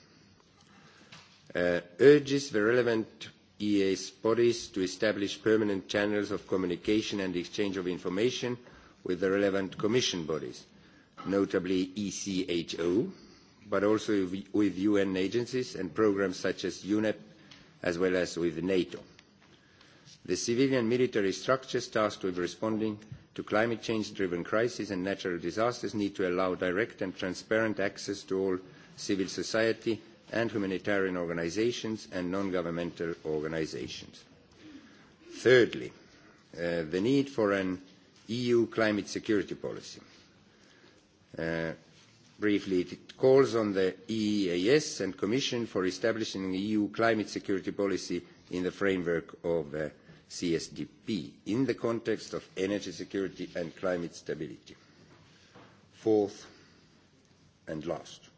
Uh, urges the relevant eeas bodies to establish permanent channels of communication and exchange of information with the relevant commission bodies notably echo but also with un agencies and programmes such as unep as well as with nato. the civilian military structures tasked with responding to climate change driven crises and natural disasters need to allow direct and transparent access to all civil society and humanitarian organizations and non-governmental organizations. Thirdly, uh, the need for an EU climate security policy. Uh, briefly, it calls on the EEAS and Commission for establishing an EU climate security policy in the framework of uh, CSDP in the context of energy security and climate stability. Fourth and last,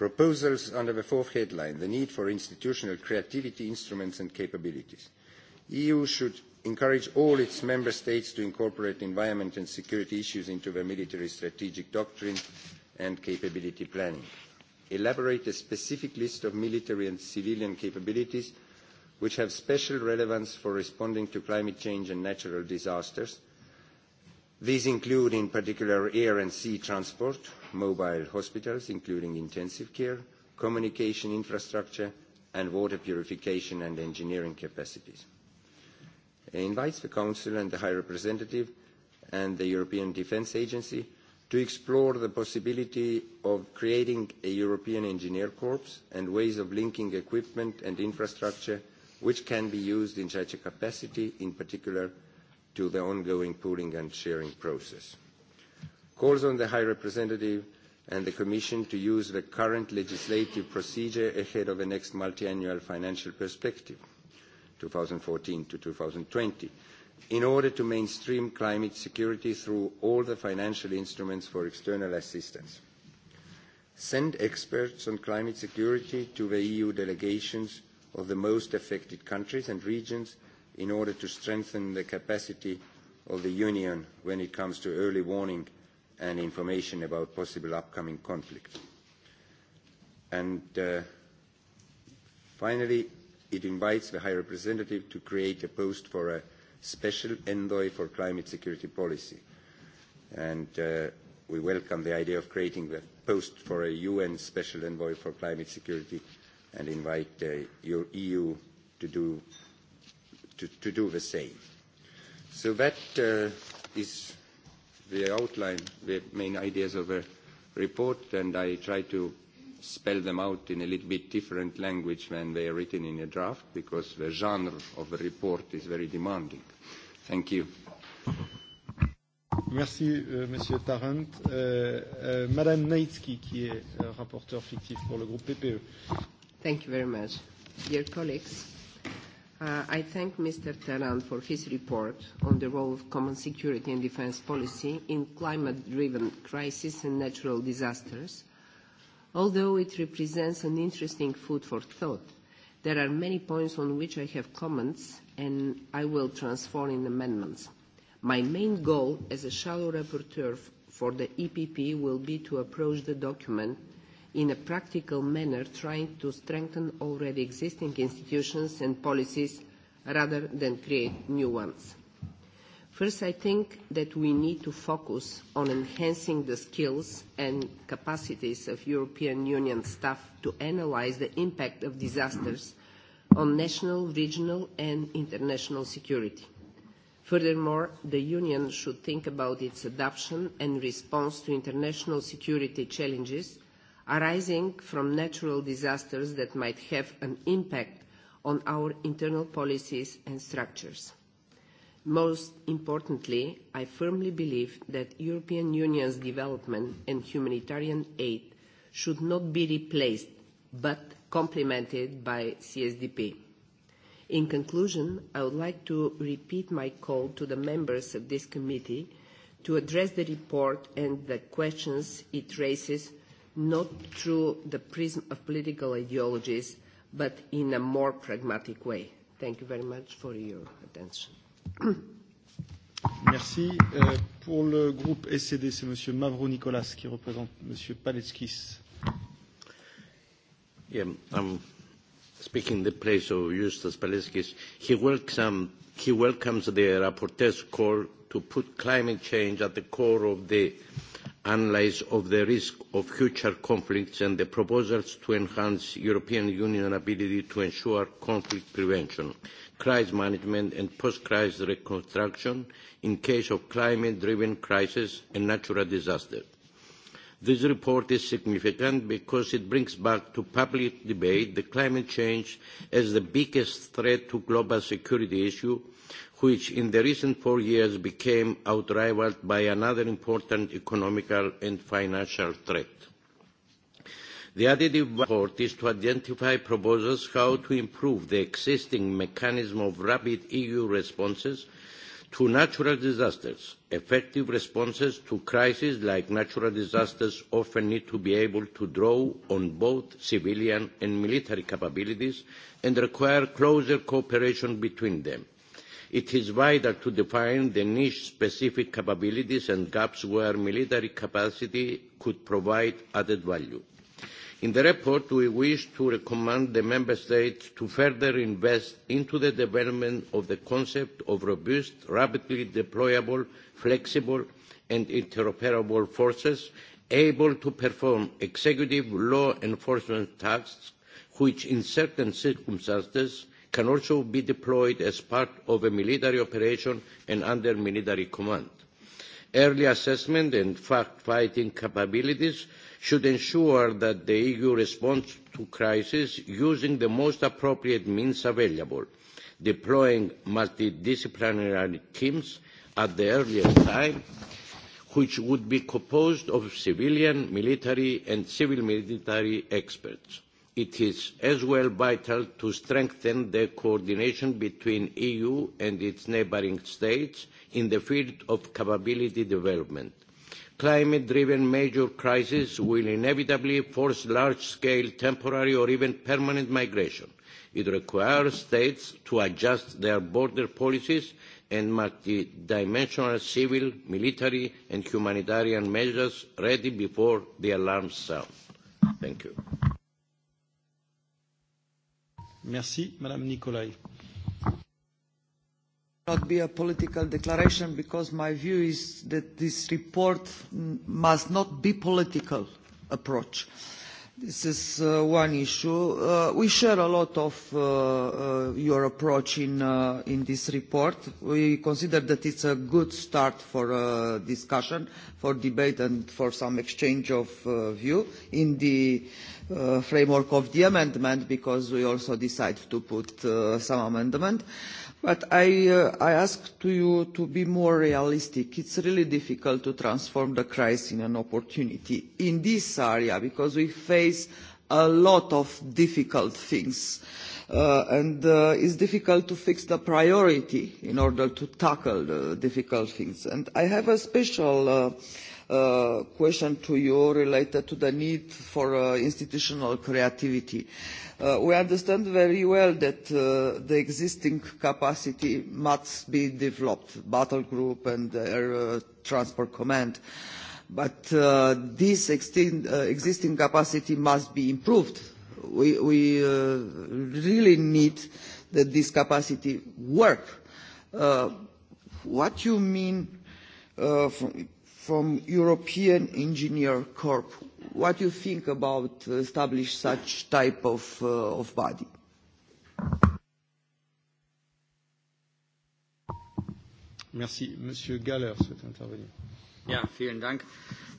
proposals under the fourth headline, the need for institutional creativity, instruments and capabilities. EU should encourage all its member states to incorporate environment and security issues into their military strategic doctrine and capability planning. Elaborate a specific list of military and civilian capabilities which have special relevance for responding to climate change and natural disasters. These include in particular air and sea transport, mobile hospitals, including intensive care, communication infrastructure, and water purification and engineering capacities. It invites the Council and the High Representative and the European Defence Agency to explore the possibility of creating a European engineer corps and ways of linking equipment and infrastructure which can be used in such a capacity, in particular to the ongoing pooling and sharing process calls on the High Representative and the Commission to use the current legislative procedure ahead of the next multiannual financial perspective, 2014 to 2020, in order to mainstream climate security through all the financial instruments for external assistance. Send experts on climate security to the EU delegations of the most affected countries and regions in order to strengthen the capacity of the Union when it comes to early warning and information about possible upcoming conflict. And uh, finally, it invites the High Representative to create a post for a special envoy for climate security policy. And uh, we welcome the idea of creating the post for a UN special envoy for climate security and invite uh, your EU to do, to, to do the same. So that uh, is the outline, the main ideas of the report, and I try to spell them out in a little bit different language when they are written in a draft, because the genre of the report is very demanding. Thank you. Merci, euh, Monsieur Tarrant. Euh, euh, Madame Naitsky, qui est euh, rapporteur fictif pour le groupe PPE. Thank you very much. Dear colleagues. Uh, I thank Mr. Talland for his report on the role of common security and defense policy in climate-driven crises and natural disasters. Although it represents an interesting food for thought, there are many points on which I have comments and I will transform in amendments. My main goal as a shadow rapporteur for the EPP will be to approach the document in a practical manner trying to strengthen already existing institutions and policies rather than create new ones. First, I think that we need to focus on enhancing the skills and capacities of European Union staff to analyze the impact of disasters on national, regional and international security. Furthermore, the Union should think about its adoption and response to international security challenges arising from natural disasters that might have an impact on our internal policies and structures. Most importantly, I firmly believe that European Union's development and humanitarian aid should not be replaced, but complemented by CSDP. In conclusion, I would like to repeat my call to the members of this committee to address the report and the questions it raises not through the prism of political ideologies, but in a more pragmatic way. Thank you very much for your attention. Merci. Euh, pour le groupe SCD, c'est Monsieur Mavro Nicolas qui représente Monsieur Paleskis. Yeah, I'm speaking the place of Justus Paleskis. He, welcome, he welcomes the rapporteur's call to put climate change at the core of the analyse of the risk of future conflicts and the proposals to enhance European Union ability to ensure conflict prevention, crisis management and post-crisis reconstruction in case of climate-driven crisis and natural disaster. This report is significant because it brings back to public debate the climate change as the biggest threat to global security issue which in the recent four years became outrivaled by another important economical and financial threat. The additive report is to identify proposals how to improve the existing mechanism of rapid EU responses to natural disasters. Effective responses to crises like natural disasters often need to be able to draw on both civilian and military capabilities and require closer cooperation between them. It is vital to define the niche-specific capabilities and gaps where military capacity could provide added value. In the report, we wish to recommend the Member States to further invest into the development of the concept of robust, rapidly deployable, flexible and interoperable forces able to perform executive law enforcement tasks, which in certain circumstances can also be deployed as part of a military operation and under military command. Early assessment and fact-fighting capabilities should ensure that the EU responds to crisis using the most appropriate means available, deploying multidisciplinary teams at the earliest time, which would be composed of civilian, military and civil military experts. It is as well vital to strengthen the coordination between EU and its neighbouring states in the field of capability development. Climate driven major crises will inevitably force large scale temporary or even permanent migration. It requires states to adjust their border policies and multidimensional civil, military and humanitarian measures ready before the alarm sound. Thank you. Merci, Madame Nicolai. Not be a political declaration because my view is that this report must not be political approach. Uh, This is uh, one issue. Uh, we share a lot of uh, your approach in this report. We consider that it's a good start for discussion, for debate, and for some exchange of view in the framework of the amendment, because we also decide to put some amendment. But I uh, ask you to be more realistic. It's really difficult to transform the crisis in an opportunity in this area because we face a lot of difficult things. Uh, and uh, it's difficult to fix the priority in order to tackle the difficult things. And I have a special uh, question to you related to the need for uh, institutional creativity. Uh, we understand very well that uh, the existing capacity must be developed, battle group and air uh, transport command, but uh, this extin- uh, existing capacity must be improved. We, we uh, really need that this capacity work. Uh, what you mean uh, from, from European Engineer Corp. What do you think about establish such type of uh, of body? Merci, Monsieur Galler, souhaite intervenir. Ja, vielen Dank.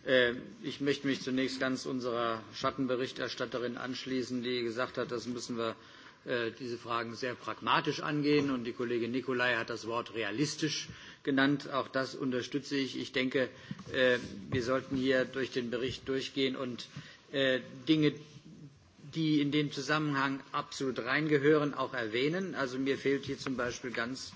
Ähm, ich möchte mich zunächst ganz unserer Schattenberichterstatterin anschließen, die gesagt hat, das müssen wir äh, diese Fragen sehr pragmatisch angehen. Und die Kollegin Nicolai hat das Wort realistisch äh, genannt. Auch das unterstütze ich. Ich denke, äh, wir sollten hier durch den Bericht durchgehen und äh, Dinge, die in den Zusammenhang absolut reingehören, auch erwähnen. Also mir fehlt hier zum Beispiel ganz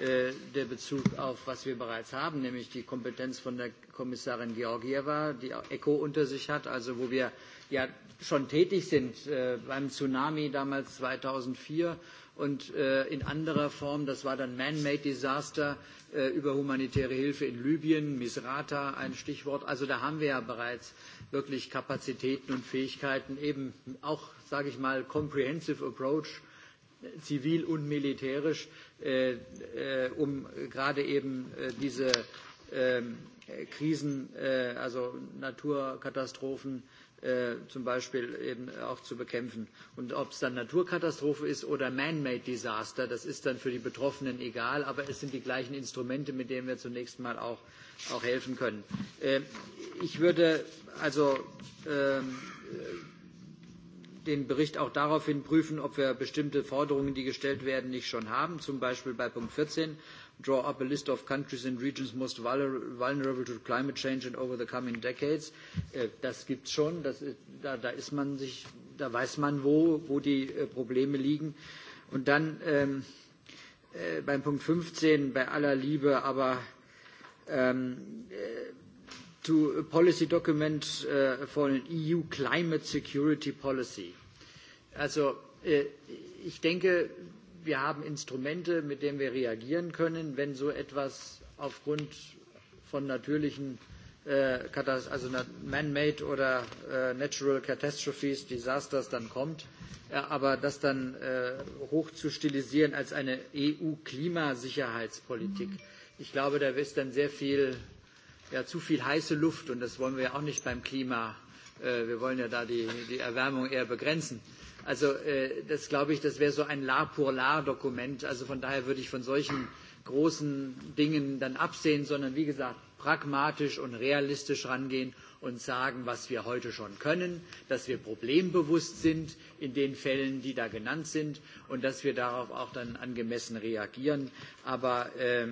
äh, der Bezug auf, was wir bereits haben, nämlich die Kompetenz von der Kommissarin Georgieva, die ECHO unter sich hat, also wo wir ja schon tätig sind äh, beim Tsunami damals 2004 und äh, in anderer Form, das war dann Man-Made Disaster äh, über humanitäre Hilfe in Libyen, Misrata ein Stichwort. Also da haben wir ja bereits wirklich Kapazitäten und Fähigkeiten, eben auch, sage ich mal, Comprehensive Approach, zivil und militärisch, äh, äh, um gerade eben äh, diese äh, Krisen, äh, also Naturkatastrophen, Äh, zum Beispiel eben auch zu bekämpfen. Und ob es dann Naturkatastrophe ist oder Man-Made Disaster, das ist dann für die Betroffenen egal, aber es sind die gleichen Instrumente, mit denen wir zunächst mal auch, auch helfen können. Äh, ich würde also äh, den Bericht auch daraufhin prüfen, ob wir bestimmte Forderungen, die gestellt werden, nicht schon haben, zum Beispiel bei Punkt 14, draw up a list of countries and regions most vulnerable to climate change and over the coming decades. Äh, das gibt es schon, das, da, da, ist man sich, da weiß man, wo, wo die äh, Probleme liegen. Und dann ähm, äh, beim Punkt 15, bei aller Liebe, aber ähm, äh, to a policy document äh, for an EU climate security policy. Also äh, ich denke, wir haben Instrumente, mit denen wir reagieren können, wenn so etwas aufgrund von natürlichen äh, Katastrophen, also man-made oder äh, natural catastrophes, Disasters dann kommt. Äh, aber das dann äh, hoch zu stilisieren als eine EU-Klimasicherheitspolitik, mhm. ich glaube, da ist dann sehr viel, ja, zu viel heiße Luft und das wollen wir ja auch nicht beim Klima. Äh, wir wollen ja da die, die Erwärmung eher begrenzen. Äh, Also äh, das glaube ich, das wäre so ein La pour La Dokument. Also von daher würde ich von solchen großen Dingen dann absehen, sondern wie gesagt pragmatisch und realistisch rangehen und sagen, was wir heute schon können, dass wir problembewusst sind in den Fällen, die da genannt sind und dass wir darauf auch dann angemessen reagieren. Aber äh,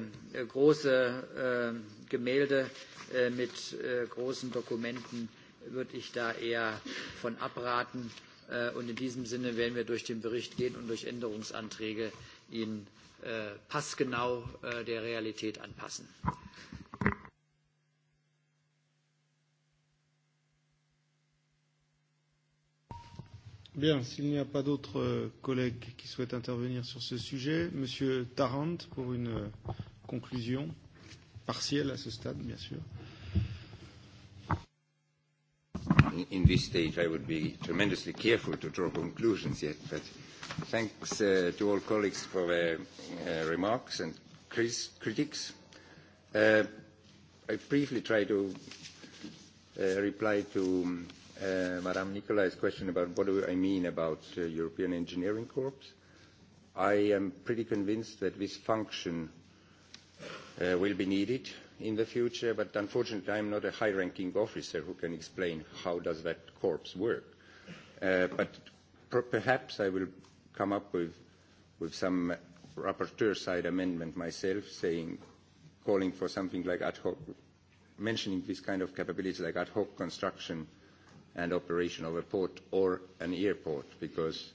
große äh, Gemälde äh, mit äh, großen Dokumenten würde ich da eher von abraten. Äh, und in diesem Sinne werden wir durch den Bericht gehen und durch Änderungsanträge ihn äh, passgenau äh, der Realität anpassen. Bien, s'il n'y a pas d'autres euh, collègues qui souhaitent intervenir sur ce sujet, Monsieur Tarrant, pour une euh, conclusion partielle à ce stade, bien sûr. Euh, in this stage I would be tremendously careful to draw conclusions yet, but thanks uh, to all colleagues for their uh, remarks and cris- critics. Uh, I briefly try to uh, reply to um, uh, Madame Nicolai's question about what do I mean about uh, European Engineering Corps. I am pretty convinced that this function uh, will be needed in the future, but unfortunately I'm not a high-ranking officer who can explain how does that corpse work. Uh, but per perhaps I will come up with, with some rapporteur side amendment myself saying, calling for something like ad hoc, mentioning this kind of capabilities like ad hoc construction and operation of a port or an airport, because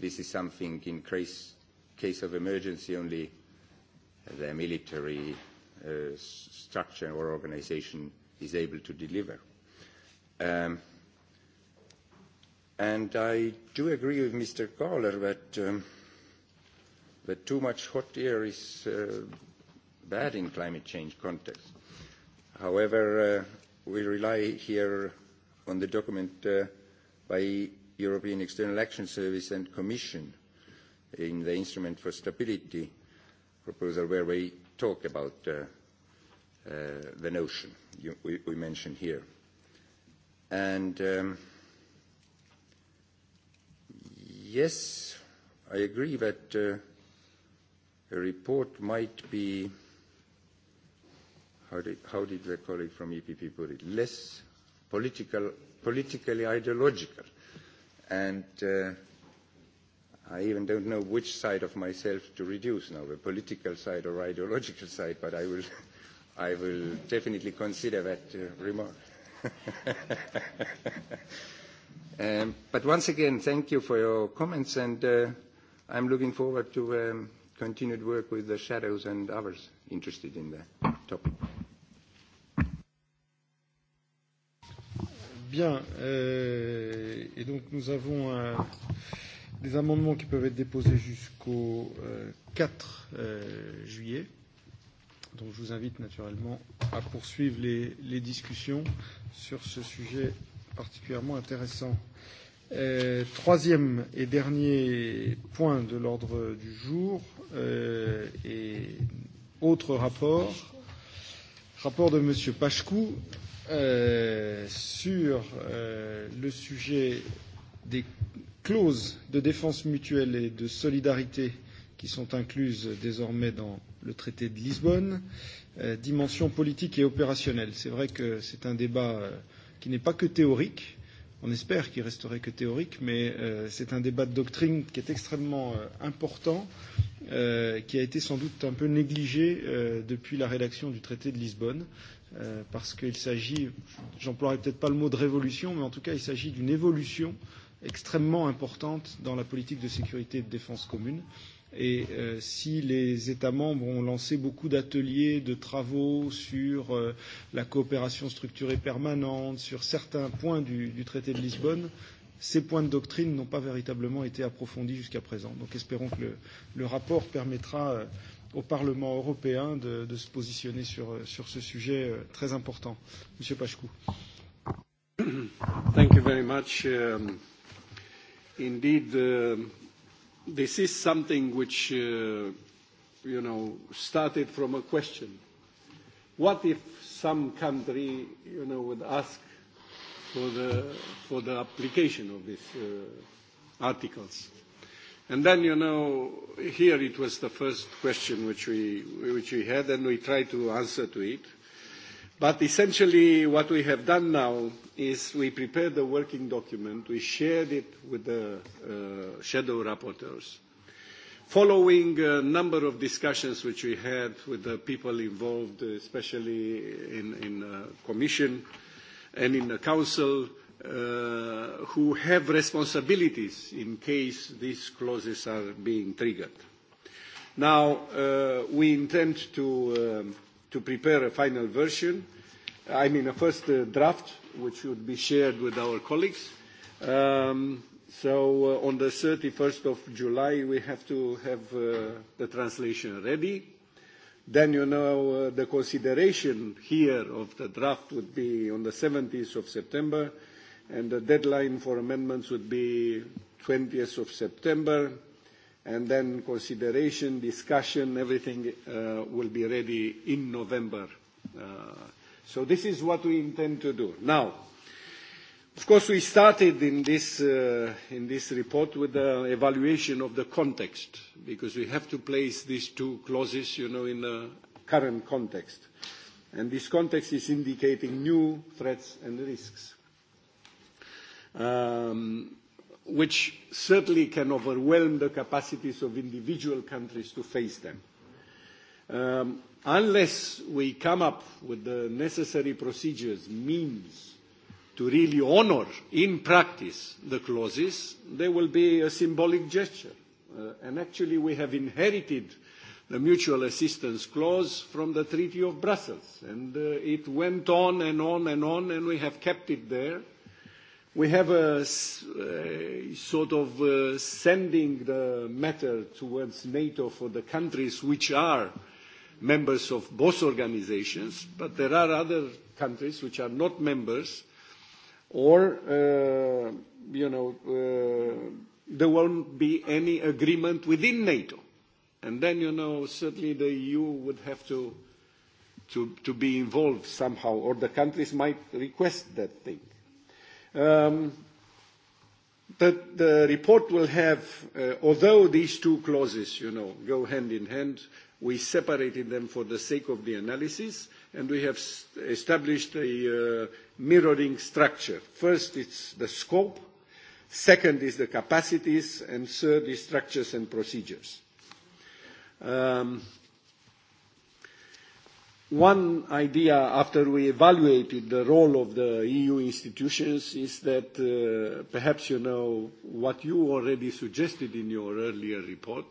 this is something in case, case of emergency only the military uh, structure or organization is able to deliver. Um, and I do agree with Mr. Kohler that, um, that too much hot air is uh, bad in climate change context. However, uh, we rely here on the document uh, by European External Action Service and Commission in the Instrument for Stability proposal where we talk about uh, uh, the notion you, we, we mentioned here. And um, yes, I agree that uh, a report might be, how did, how did the colleague from EPP put it, less political, politically ideological. And uh, I even don't know which side of myself to reduce now, the political side or ideological side, but I will. I will definitely consider that uh, remark. um, but once again, thank you for your comments, and uh, I'm looking forward to um, continued work with the shadows and others interested in the topic. Bien, euh, et donc nous avons euh, des amendements qui peuvent être déposés jusqu'au euh, 4 euh, juillet. Donc je vous invite naturellement à poursuivre les, les discussions sur ce sujet particulièrement intéressant. Euh, troisième et dernier point de l'ordre du jour euh, et autre rapport, rapport de M. Pachkou euh, sur euh, le sujet des clauses de défense mutuelle et de solidarité qui sont incluses désormais dans le traité de Lisbonne, euh, dimension politique et opérationnelle. C'est vrai que c'est un débat euh, qui n'est pas que théorique. On espère qu'il resterait que théorique, mais euh, c'est un débat de doctrine qui est extrêmement euh, important, euh, qui a été sans doute un peu négligé euh, depuis la rédaction du traité de Lisbonne, euh, parce qu'il s'agit, j'emploierai peut-être pas le mot de révolution, mais en tout cas il s'agit d'une évolution extrêmement importante dans la politique de sécurité et de défense commune. Et euh, si les États membres ont lancé beaucoup d'ateliers, de travaux sur euh, la coopération structurée permanente, sur certains points du, du traité de Lisbonne, ces points de doctrine n'ont pas véritablement été approfondis jusqu'à présent. Donc espérons que le, le rapport permettra euh, au Parlement européen de, de se positionner sur, euh, sur ce sujet euh, très important. Monsieur Pachkou. Thank you very much. Um, indeed, uh, this is something which, uh, you know, started from a question. What if some country, you know, would ask for the, for the application of these uh, articles? And then, you know, here it was the first question which we, which we had and we tried to answer to it. But essentially, what we have done now is we prepared the working document, we shared it with the uh, shadow rapporteurs. Following a number of discussions which we had with the people involved, especially in, in the Commission and in the Council, uh, who have responsibilities in case these clauses are being triggered. Now, uh, we intend to. Um, to prepare a final version, I mean a first uh, draft, which would be shared with our colleagues. Um, so uh, on the 31st of July, we have to have uh, the translation ready. Then, you know, uh, the consideration here of the draft would be on the 70th of September, and the deadline for amendments would be 20th of September and then consideration, discussion, everything uh, will be ready in November. Uh, so this is what we intend to do. Now, of course, we started in this, uh, in this report with the evaluation of the context, because we have to place these two clauses, you know, in a current context. And this context is indicating new threats and risks. Um, which certainly can overwhelm the capacities of individual countries to face them. Um, unless we come up with the necessary procedures, means to really honor in practice the clauses, there will be a symbolic gesture. Uh, and actually we have inherited the mutual assistance clause from the Treaty of Brussels. And uh, it went on and on and on, and we have kept it there. We have a, a sort of uh, sending the matter towards NATO for the countries which are members of both organizations, but there are other countries which are not members, or, uh, you know, uh, there won't be any agreement within NATO. And then, you know, certainly the EU would have to, to, to be involved somehow, or the countries might request that thing. Um, the, the report will have, uh, although these two clauses, you know, go hand in hand, we separated them for the sake of the analysis, and we have established a uh, mirroring structure. First, it's the scope. Second is the capacities, and third is structures and procedures. Um, One idea after we evaluated the role of the EU institutions is that uh, perhaps you know what you already suggested in your earlier report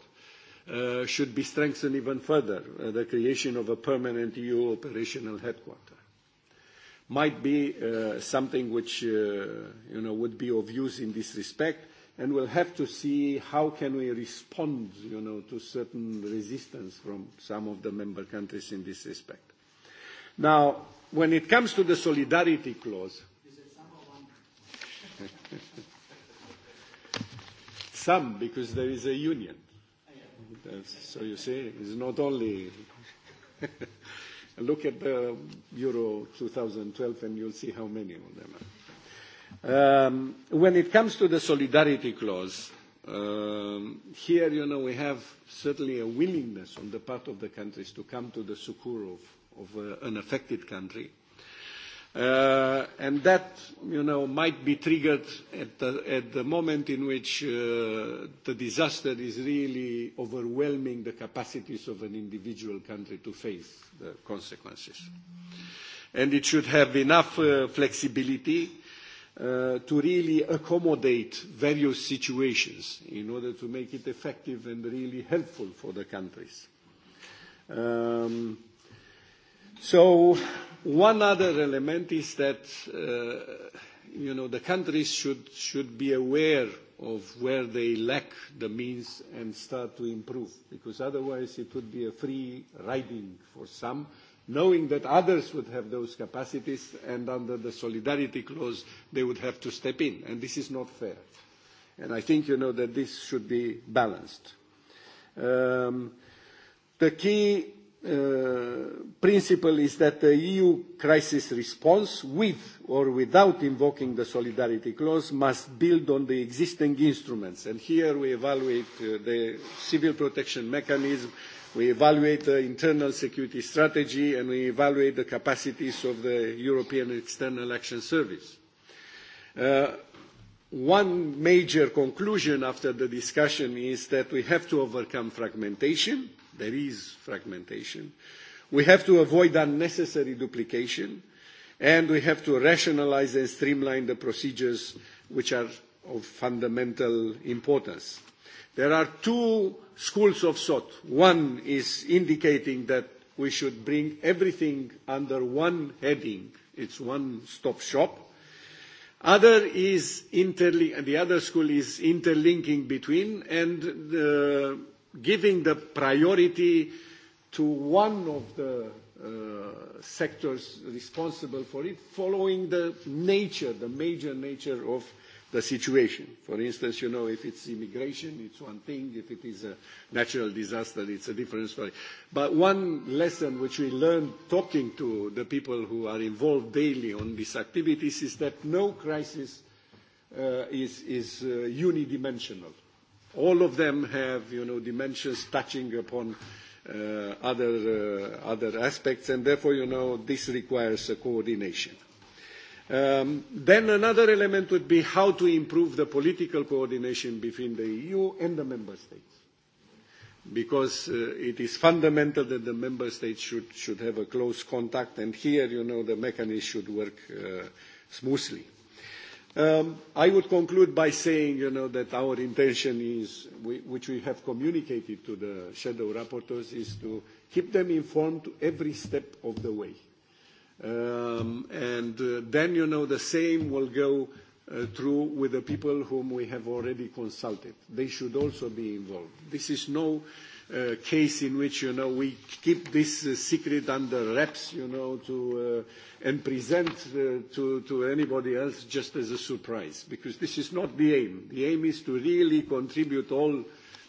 uh, should be strengthened even further. Uh, the creation of a permanent EU operational headquarters might be uh, something which uh, you know, would be of use in this respect and we'll have to see how can we respond you know to certain resistance from some of the member countries in this respect now when it comes to the solidarity clause some because there is a union so you see it's not only look at the euro 2012 and you'll see how many of them are Um, when it comes to the solidarity clause, um, here, you know, we have certainly a willingness on the part of the countries to come to the succour of, of uh, an affected country. Uh, and that, you know, might be triggered at the, at the moment in which uh, the disaster is really overwhelming the capacities of an individual country to face the consequences. And it should have enough uh, flexibility uh, uh, to really accommodate various situations in order to make it effective and really helpful for the countries. Um, so one other element is that uh, you know, the countries should, should be aware of where they lack the means and start to improve, because otherwise it would be a free riding for some, uh, knowing that others would have those capacities and under the solidarity clause they would have to step in. And this is not fair. And I think you know that this should be balanced. Um, the key uh, principle is that the EU crisis response, with or without invoking the solidarity clause, must build on the existing instruments. And here we evaluate uh, the civil protection mechanism we evaluate the internal security strategy and we evaluate the capacities of the European External Action Service. Uh, one major conclusion after the discussion is that we have to overcome fragmentation. There is fragmentation. We have to avoid unnecessary duplication and we have to rationalize and streamline the procedures which are of fundamental importance. There are two schools of thought. One is indicating that we should bring everything under one heading. It's one stop shop. Other is interli- the other school is interlinking between and uh, giving the priority to one of the uh, sectors responsible for it, following the nature, the major nature of uh, the situation. For instance, you know, if it's immigration, it's one thing. If it is a natural disaster, it's a different story. But one lesson which we learned talking to the people who are involved daily on these activities is that no crisis uh, is, is uh, unidimensional. All of them have, you know, dimensions touching upon uh, other, uh, other aspects, and therefore, you know, this requires a coordination. Um, then another element would be how to improve the political coordination between the EU and the member states. Because uh, it is fundamental that the member states should, should have a close contact, and here, you know, the mechanism should work uh, smoothly. Um, I would conclude by saying, you know, that our intention is, we, which we have communicated to the shadow rapporteurs, is to keep them informed every step of the way. Um, and uh, then, you know, the same will go uh, through with the people whom we have already consulted. They should also be involved. This is no uh, case in which, you know, we keep this uh, secret under wraps, you know, to, uh, and present uh, to, to anybody else just as a surprise, because this is not the aim. The aim is to really contribute all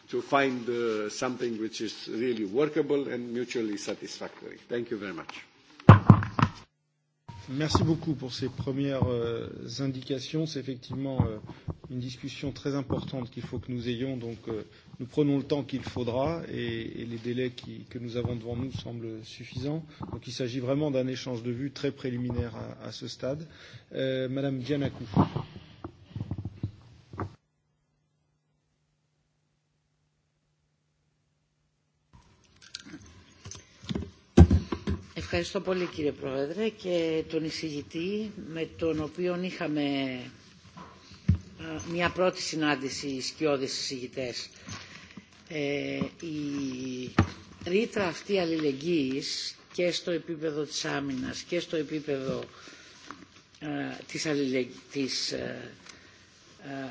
to find uh, something which is really workable and mutually satisfactory. Thank you very much. Merci beaucoup pour ces premières euh, indications. C'est effectivement euh, une discussion très importante qu'il faut que nous ayons. Donc, euh, nous prenons le temps qu'il faudra et, et les délais qui, que nous avons devant nous semblent suffisants. Donc, il s'agit vraiment d'un échange de vues très préliminaire à, à ce stade. Euh, Madame Dianakou. Merci. Euh, Ευχαριστώ πολύ κύριε Πρόεδρε και τον εισηγητή με τον οποίο είχαμε μια πρώτη συνάντηση σκιώδης εισηγητές. Ε, η ρήτρα αυτή αλληλεγγύης και στο επίπεδο της άμυνας και στο επίπεδο ε, της, αλληλεγ... της ε, ε,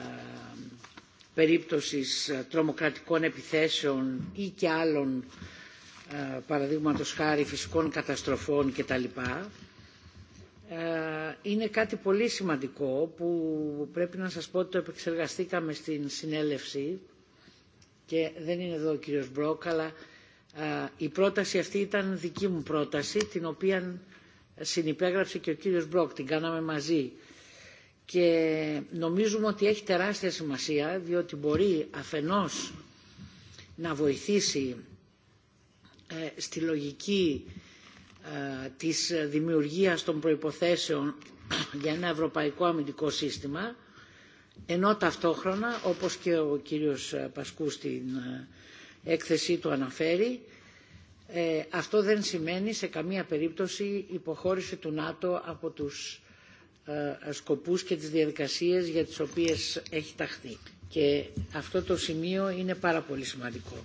περίπτωσης τρομοκρατικών επιθέσεων ή και άλλων παραδείγματος χάρη φυσικών καταστροφών κτλ. Είναι κάτι πολύ σημαντικό που πρέπει να σας πω ότι το επεξεργαστήκαμε στην συνέλευση και δεν είναι εδώ ο κύριος Μπρόκ, αλλά η πρόταση αυτή ήταν δική μου πρόταση, την οποία συνυπέγραψε και ο κύριος Μπρόκ, την κάναμε μαζί. Και νομίζουμε ότι έχει τεράστια σημασία, διότι μπορεί αφενός να βοηθήσει ε, στη λογική ε, της δημιουργίας των προϋποθέσεων για ένα ευρωπαϊκό αμυντικό σύστημα, ενώ ταυτόχρονα, όπως και ο κύριος Πασκού στην έκθεσή του αναφέρει, ε, αυτό δεν σημαίνει σε καμία περίπτωση υποχώρηση του ΝΑΤΟ από τους ε, σκοπούς και τις διαδικασίες για τις οποίες έχει ταχθεί. Και αυτό το σημείο είναι πάρα πολύ σημαντικό.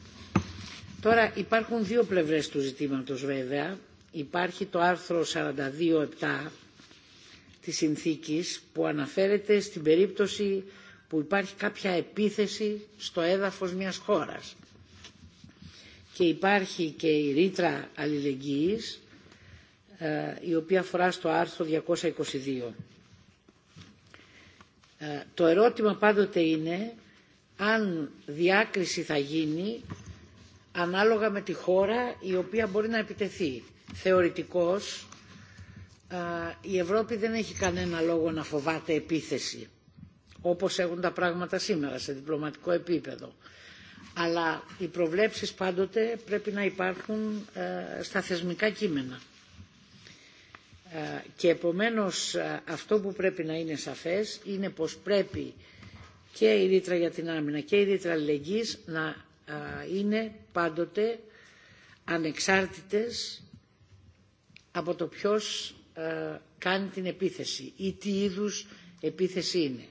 Τώρα υπάρχουν δύο πλευρές του ζητήματος βέβαια. Υπάρχει το άρθρο 42.7 της συνθήκης που αναφέρεται στην περίπτωση που υπάρχει κάποια επίθεση στο έδαφος μιας χώρας. Και υπάρχει και η ρήτρα αλληλεγγύης η οποία αφορά στο άρθρο 222. Το ερώτημα πάντοτε είναι αν διάκριση θα γίνει ανάλογα με τη χώρα η οποία μπορεί να επιτεθεί. Θεωρητικώς, η Ευρώπη δεν έχει κανένα λόγο να φοβάται επίθεση, όπως έχουν τα πράγματα σήμερα σε διπλωματικό επίπεδο. Αλλά οι προβλέψεις πάντοτε πρέπει να υπάρχουν στα θεσμικά κείμενα. Και επομένως αυτό που πρέπει να είναι σαφές είναι πως πρέπει και η ρήτρα για την άμυνα και η ρήτρα αλληλεγγύης να είναι πάντοτε ανεξάρτητες από το ποιος ε, κάνει την επίθεση ή τι είδους επίθεση είναι.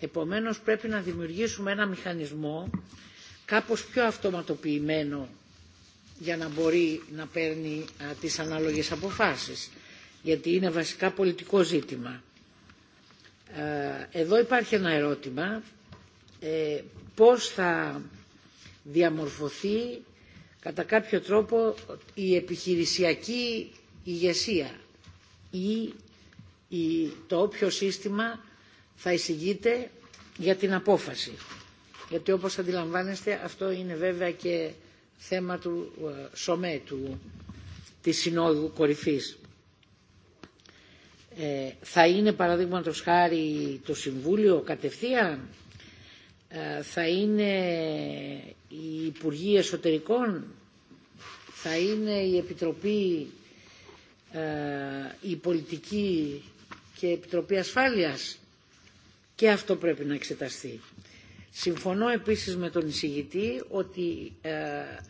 Επομένως πρέπει να δημιουργήσουμε ένα μηχανισμό κάπως πιο αυτοματοποιημένο για να μπορεί να παίρνει α, τις ανάλογες αποφάσεις γιατί είναι βασικά πολιτικό ζήτημα. Ε, εδώ υπάρχει ένα ερώτημα ε, πώς θα διαμορφωθεί κατά κάποιο τρόπο η επιχειρησιακή ηγεσία ή η, το όποιο σύστημα θα εισηγείται για την απόφαση. Γιατί όπως αντιλαμβάνεστε αυτό είναι βέβαια και θέμα του σωμέ, του, της συνόδου κορυφής. Ε, θα είναι παραδείγματος χάρη το Συμβούλιο κατευθείαν θα είναι η Υπουργή Εσωτερικών, θα είναι η Επιτροπή, η Πολιτική και η Επιτροπή Ασφάλειας. Και αυτό πρέπει να εξεταστεί. Συμφωνώ επίσης με τον εισηγητή ότι ε,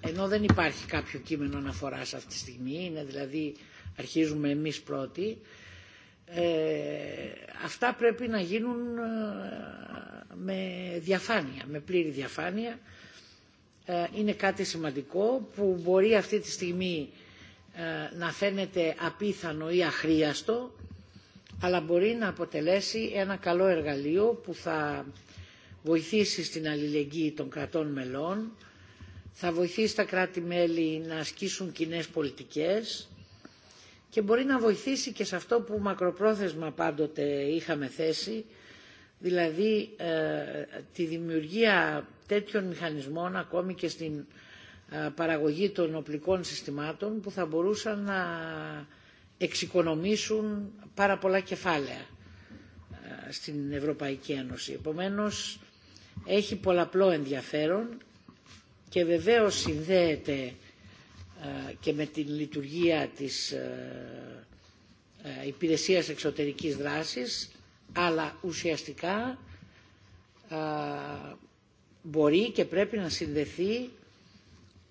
ενώ δεν υπάρχει κάποιο κείμενο αναφοράς αυτή τη στιγμή, είναι δηλαδή αρχίζουμε εμείς πρώτοι, ε, αυτά πρέπει να γίνουν ε, με διαφάνεια, με πλήρη διαφάνεια. Ε, είναι κάτι σημαντικό που μπορεί αυτή τη στιγμή ε, να φαίνεται απίθανο ή αχρίαστο, αλλά μπορεί να αποτελέσει ένα καλό εργαλείο που θα βοηθήσει στην αλληλεγγύη των κρατών μελών, θα βοηθήσει τα κράτη-μέλη να ασκήσουν κοινέ πολιτικές, και μπορεί να βοηθήσει και σε αυτό που μακροπρόθεσμα πάντοτε είχαμε θέσει, δηλαδή ε, τη δημιουργία τέτοιων μηχανισμών ακόμη και στην ε, παραγωγή των οπλικών συστημάτων που θα μπορούσαν να εξοικονομήσουν πάρα πολλά κεφάλαια ε, στην Ευρωπαϊκή Ένωση. Επομένως, έχει πολλαπλό ενδιαφέρον και βεβαίως συνδέεται και με την λειτουργία της ε, ε, υπηρεσίας εξωτερικής δράσης, αλλά ουσιαστικά ε, μπορεί και πρέπει να συνδεθεί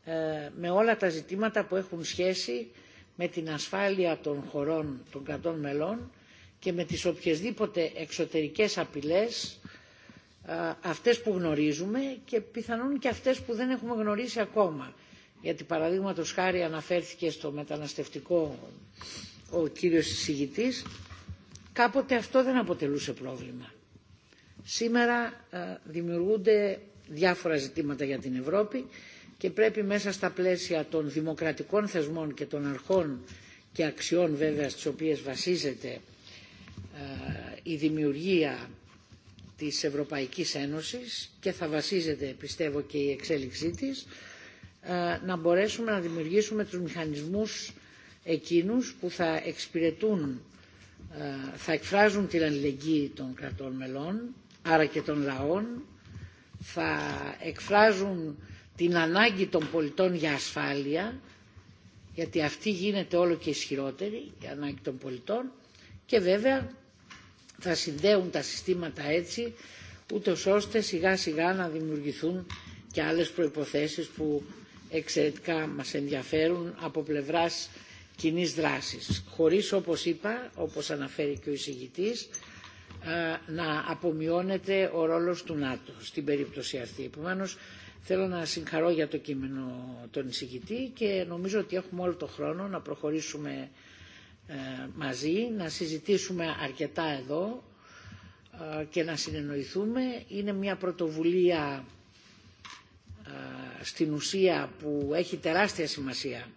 ε, με όλα τα ζητήματα που έχουν σχέση με την ασφάλεια των χωρών των κρατών μελών και με τις οποιασδήποτε εξωτερικές απειλές αυτές που γνωρίζουμε και πιθανόν και αυτές που δεν έχουμε γνωρίσει ακόμα γιατί παραδείγματος χάρη αναφέρθηκε στο μεταναστευτικό ο κύριος εισηγητής, κάποτε αυτό δεν αποτελούσε πρόβλημα. Σήμερα α, δημιουργούνται διάφορα ζητήματα για την Ευρώπη και πρέπει μέσα στα πλαίσια των δημοκρατικών θεσμών και των αρχών και αξιών βέβαια στις οποίες βασίζεται α, η δημιουργία της Ευρωπαϊκής Ένωσης και θα βασίζεται πιστεύω και η εξέλιξή της, να μπορέσουμε να δημιουργήσουμε τους μηχανισμούς εκείνους που θα εξυπηρετούν, θα εκφράζουν την αλληλεγγύη των κρατών μελών, άρα και των λαών, θα εκφράζουν την ανάγκη των πολιτών για ασφάλεια, γιατί αυτή γίνεται όλο και ισχυρότερη, η ανάγκη των πολιτών, και βέβαια θα συνδέουν τα συστήματα έτσι, ούτως ώστε σιγά σιγά να δημιουργηθούν και άλλες προϋποθέσεις που εξαιρετικά μας ενδιαφέρουν από πλευράς κοινή δράσης, χωρίς όπως είπα, όπως αναφέρει και ο εισηγητής, να απομειώνεται ο ρόλος του ΝΑΤΟ στην περίπτωση αυτή. Επομένω, θέλω να συγχαρώ για το κείμενο τον εισηγητή και νομίζω ότι έχουμε όλο το χρόνο να προχωρήσουμε μαζί, να συζητήσουμε αρκετά εδώ και να συνεννοηθούμε. Είναι μια πρωτοβουλία στην ουσία που έχει τεράστια σημασία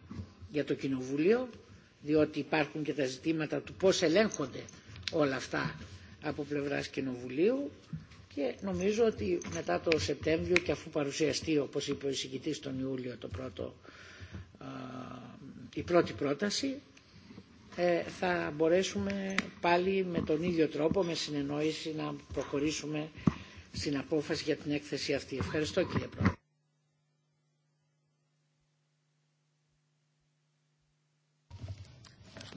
για το Κοινοβούλιο διότι υπάρχουν και τα ζητήματα του πώς ελέγχονται όλα αυτά από πλευράς Κοινοβουλίου και νομίζω ότι μετά το Σεπτέμβριο και αφού παρουσιαστεί όπως είπε ο εισηγητής τον Ιούλιο το πρώτο, η πρώτη πρόταση θα μπορέσουμε πάλι με τον ίδιο τρόπο με συνεννόηση να προχωρήσουμε στην απόφαση για την έκθεση αυτή. Ευχαριστώ κύριε Πρόεδρε.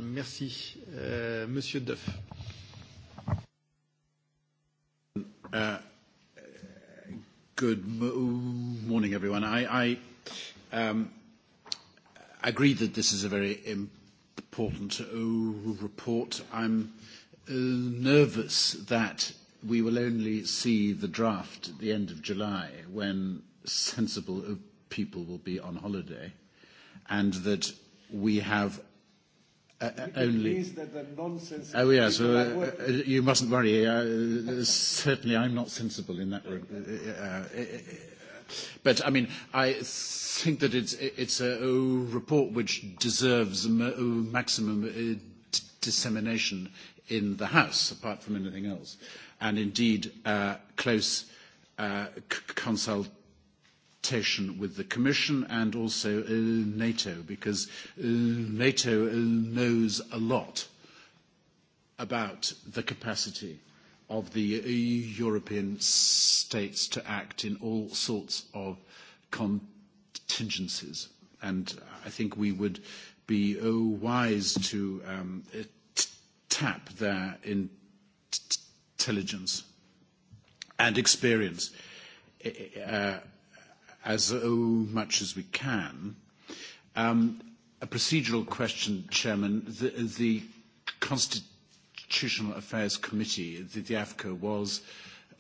Merci. Euh, Monsieur Duff. Uh, good m- morning, everyone. I, I um, agree that this is a very important uh, report. I'm uh, nervous that we will only see the draft at the end of July when sensible people will be on holiday and that we have uh, uh only. Please, that the nonsense oh, yes, uh, uh, you mustn't worry. Uh, uh, certainly, I'm not sensible in that room. Uh, but, I mean, I think that it's, it's a, a report which deserves m- maximum uh, d- dissemination in the House, apart from anything else. And indeed, uh, close uh, c- consultation consultation with the Commission and also uh, NATO, because uh, NATO uh, knows a lot about the capacity of the uh, European states to act in all sorts of contingencies. And I think we would be uh, wise to um, uh, t- tap their in- t- intelligence and experience. Uh, as oh, much as we can. Um, a procedural question, Chairman. The, the Constitutional Affairs Committee, the, the AFCO, was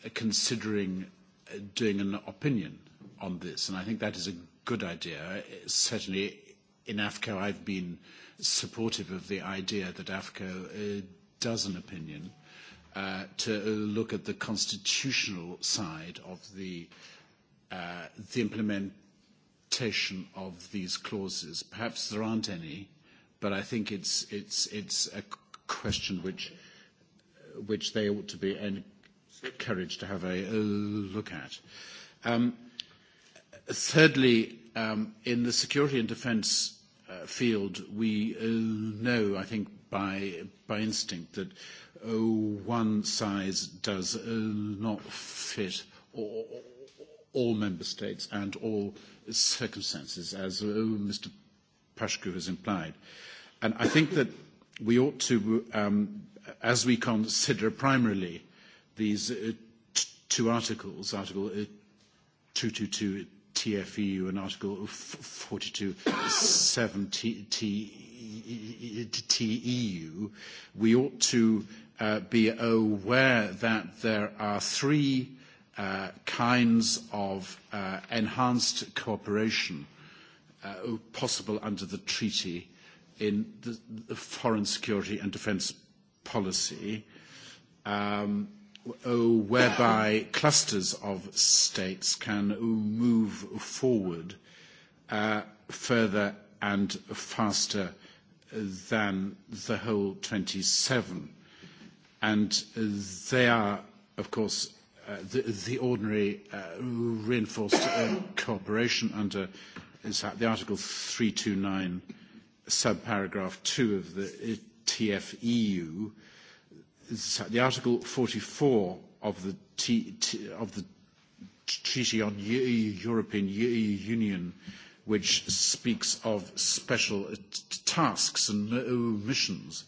uh, considering uh, doing an opinion on this, and I think that is a good idea. Certainly, in AFCO, I've been supportive of the idea that AFCO uh, does an opinion uh, to uh, look at the constitutional side of the uh, uh, the implementation of these clauses. Perhaps there aren't any, but I think it's, it's, it's a question which, which they ought to be encouraged to have a, a look at. Um, thirdly, um, in the security and defence uh, field, we uh, know, I think, by, by instinct that uh, one size does uh, not fit all member states and all circumstances, as uh, Mr. Pashku has implied. And I think that we ought to, um, as we consider primarily these uh, t- two articles, Article uh, 222 TFEU and Article 427 TEU, we ought to uh, be aware that there are three. Uh, kinds of uh, enhanced cooperation uh, possible under the treaty in the, the foreign security and defence policy, um, oh, whereby clusters of states can move forward uh, further and faster than the whole 27. And they are, of course, Uh, the, the ordinary uh, reinforced uh, cooperation under is that the Article 329, subparagraph 2 of the uh, TFEU. Is that the Article 44 of the, T, T, of the Treaty on U, European U, Union, which speaks of special uh, t- tasks and missions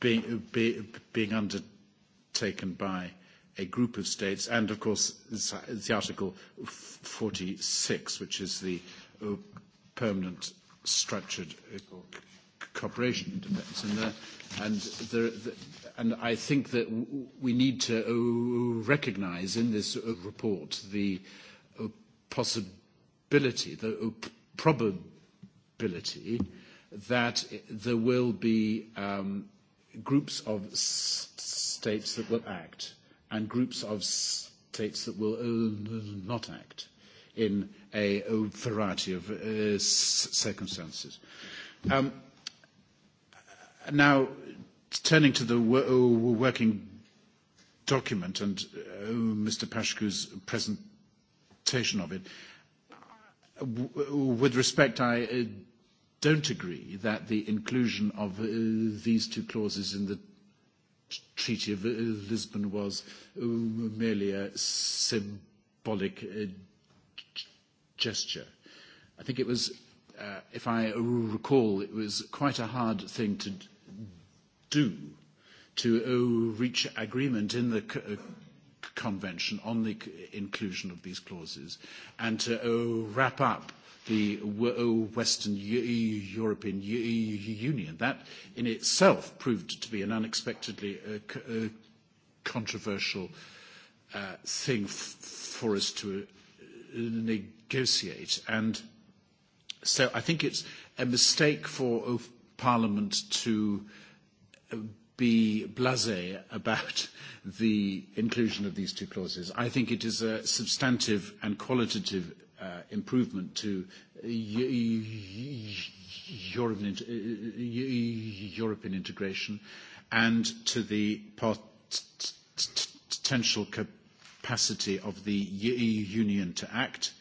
being, be, being undertaken by uh, a group of states, and of course, it's, it's the Article 46, which is the uh, permanent structured uh, cooperation and defence. Uh, and, there, and, there, the, and I think that w- we need to uh, recognise in this uh, report the uh, possibility, the uh, probability, that there will be um, groups of s- states that will act and groups of states that will uh, not act in a variety of uh, circumstances. Um, now, turning to the uh, working document and Mr. Pashku's presentation of it, with respect, I don't agree that the inclusion of these two clauses in the Treaty of Lisbon was um, merely a symbolic uh, gesture. I think it was, uh, if I recall, it was quite a hard thing to do to uh, reach agreement in the uh, convention on the inclusion of these clauses and to uh, wrap up the oh, Western e European e Union. That in itself proved to be an unexpectedly uh, uh, controversial uh, thing for us to negotiate. And so I think it's a mistake for Parliament to be blasé about the inclusion of these two clauses. I think it is a substantive and qualitative uh, improvement to uh, European, uh, European integration and to the potential capacity of the e Union to act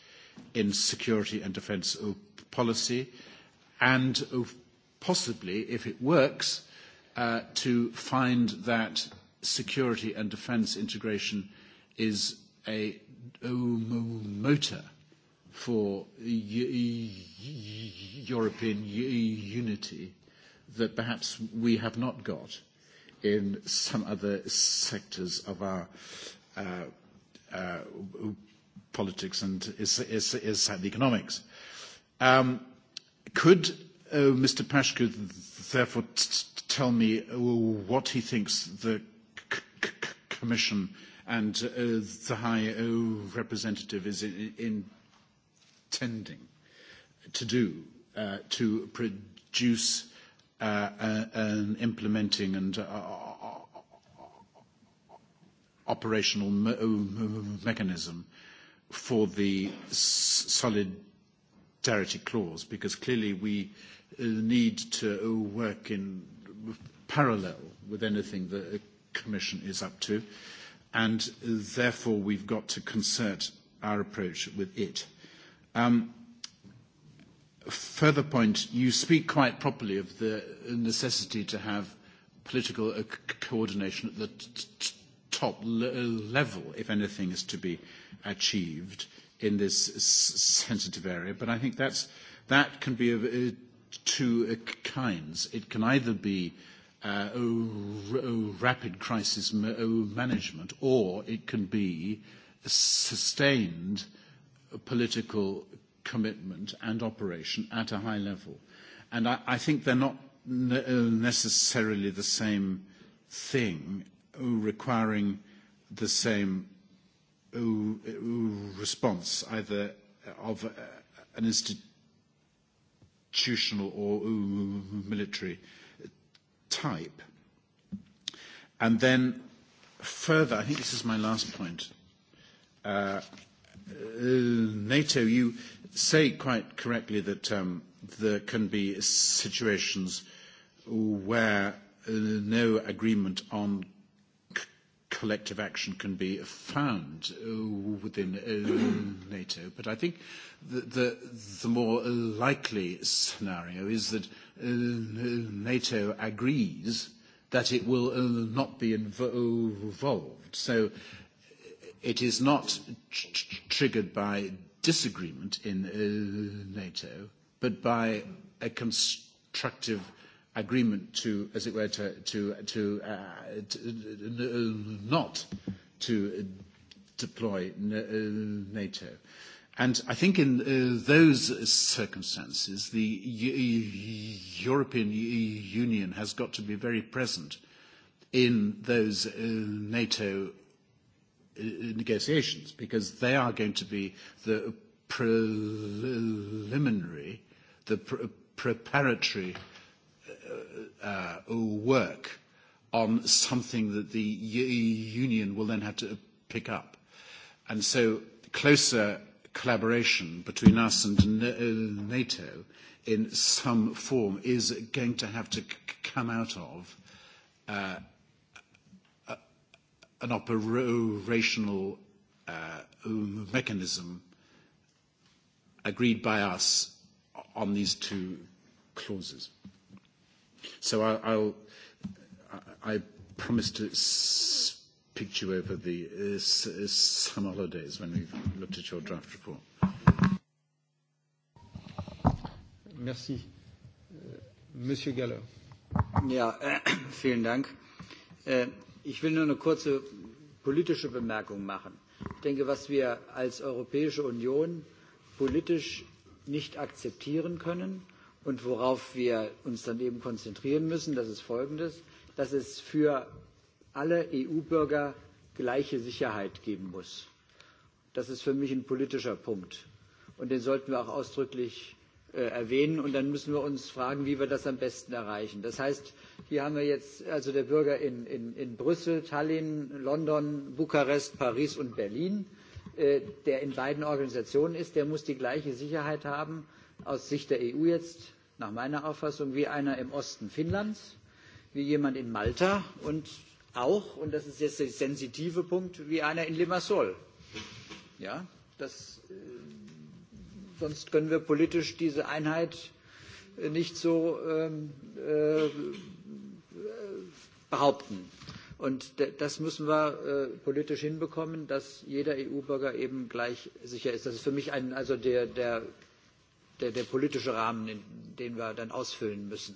in security and defence policy and uh, possibly, if it works, uh, Uh, to find that security and defence integration is a, a motor for e e European e unity that perhaps we have not got in some other sectors of our uh, uh, politics and is, is, is economics. Um, could uh, Mr Pashku therefore t- t- tell me uh, what he thinks the c- c- Commission and uh, the High uh, Representative is in- in intending to do uh, to produce uh, uh, an implementing and uh, uh, uh operational me- mechanism for the s- solidarity clause, because clearly we uh, Uh, need to work in parallel with anything the Commission is up to, and therefore we've got to concert our approach with it. Um, further point, you speak quite properly of the necessity to have political uh, coordination at the t- t- top l- uh, level if anything is to be achieved in this s- sensitive area, but I think that's, that can be a, a two uh, kinds. It can either be uh, rapid crisis management or it can be sustained political commitment and operation at a high level. And I, I think they're not uh, necessarily the same thing, uh, requiring the same response, either of an institution constitutional or military type. And then further, I think this is my last point. Uh, uh, NATO, you say quite correctly that um, there can be situations where uh, no agreement on collective action can be found uh, within uh, NATO. But I think the, the, the more likely scenario is that uh, NATO agrees that it will uh, not be involved. So uh, it is not tr- tr- triggered by disagreement in uh, NATO, but by a constructive agreement to, as it were, to, to, to, uh, to uh, not to uh, deploy n- uh, NATO. And I think in uh, those circumstances, the U- U- European U- Union has got to be very present in those uh, NATO uh, negotiations because they are going to be the preliminary, the pr- preparatory uh, Uh, uh, uh, work on something that the u- union will then have to pick up. And so closer collaboration between us and uh, NATO in some form is going to have to c- come out of uh, a, an operational uh, um, mechanism agreed by us on these two clauses. So I, I'll, I, I promise to speak to you over the uh, s- uh, summer holidays when we've looked at your draft report. Merci. Uh, Monsieur Galler. Ja, äh, vielen Dank. Äh, ich will nur eine kurze politische Bemerkung machen. Ich denke, was wir als Europäische Union politisch nicht akzeptieren können, Und worauf wir uns dann eben konzentrieren müssen, das ist Folgendes, dass es für alle EU-Bürger gleiche Sicherheit geben muss. Das ist für mich ein politischer Punkt. Und den sollten wir auch ausdrücklich äh, erwähnen und dann müssen wir uns fragen, wie wir das am besten erreichen. Das heißt, hier haben wir jetzt also der Bürger in, in, in Brüssel, Tallinn, London, Bukarest, Paris und Berlin, äh, der in beiden Organisationen ist, der muss die gleiche Sicherheit haben aus Sicht der EU jetzt nach meiner Auffassung wie einer im Osten Finnlands, wie jemand in Malta und auch, und das ist jetzt der sensitive Punkt, wie einer in Limassol. Ja, das, äh, sonst können wir politisch diese Einheit äh, nicht so ähm, äh, behaupten. Und das müssen wir äh, politisch hinbekommen, dass jeder EU-Bürger eben gleich sicher ist. Das ist für mich ein, also der, der der, der politische Rahmen, in, den wir dann ausfüllen müssen.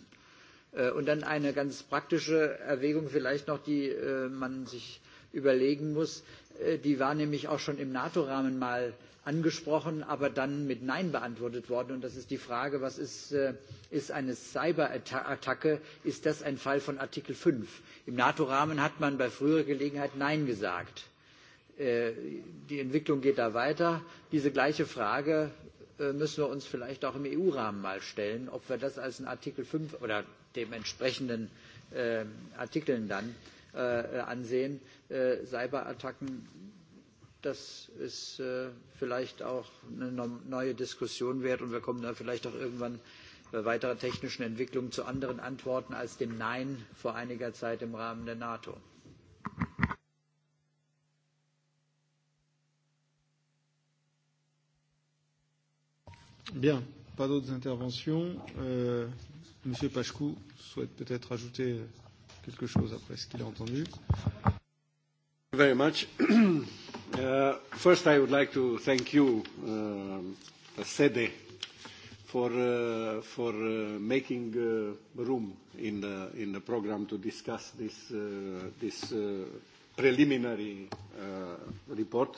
Äh, und dann eine ganz praktische Erwägung vielleicht noch, die äh, man sich überlegen muss, äh, die war nämlich auch schon im NATO-Rahmen mal angesprochen, aber dann mit Nein beantwortet worden. Und das ist die Frage, was ist, äh, ist eine Cyberattacke? Ist das ein Fall von Artikel 5? Im NATO-Rahmen hat man bei früherer Gelegenheit Nein gesagt. Äh, die Entwicklung geht da weiter. Diese gleiche Frage Äh, müssen wir uns vielleicht auch im EU-Rahmen mal stellen, ob wir das als einen Artikel 5 oder dem entsprechenden äh, Artikeln dann äh, ansehen. Äh, Cyberattacken, das ist äh, vielleicht auch eine no neue Diskussion wert und wir kommen da vielleicht auch irgendwann bei weiterer technischen Entwicklung zu anderen Antworten als dem Nein vor einiger Zeit im Rahmen der NATO. Bien, pas d'autres interventions. Euh, Monsieur Pachkou souhaite peut-être ajouter euh, quelque chose après ce qu'il a entendu. Very much. uh, first, I would like to thank you, uh, Sede, e e, for, uh, for uh, making uh, room in the, in the program to discuss this, uh, this uh, preliminary uh, report.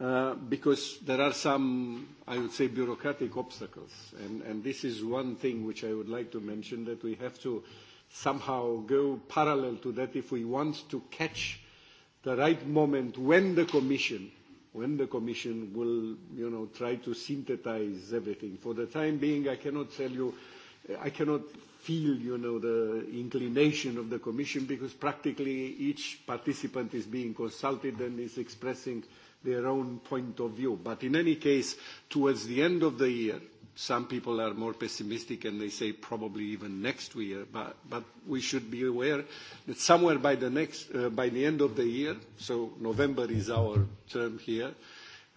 Uh, because there are some, I would say, bureaucratic obstacles. And, and this is one thing which I would like to mention that we have to somehow go parallel to that if we want to catch the right moment when the Commission, when the commission will you know, try to synthesize everything. For the time being, I cannot tell you, I cannot feel you know, the inclination of the Commission because practically each participant is being consulted and is expressing their own point of view. But in any case, towards the end of the year, some people are more pessimistic and they say probably even next year, but, but we should be aware that somewhere by the, next, uh, by the end of the year, so November is our term here,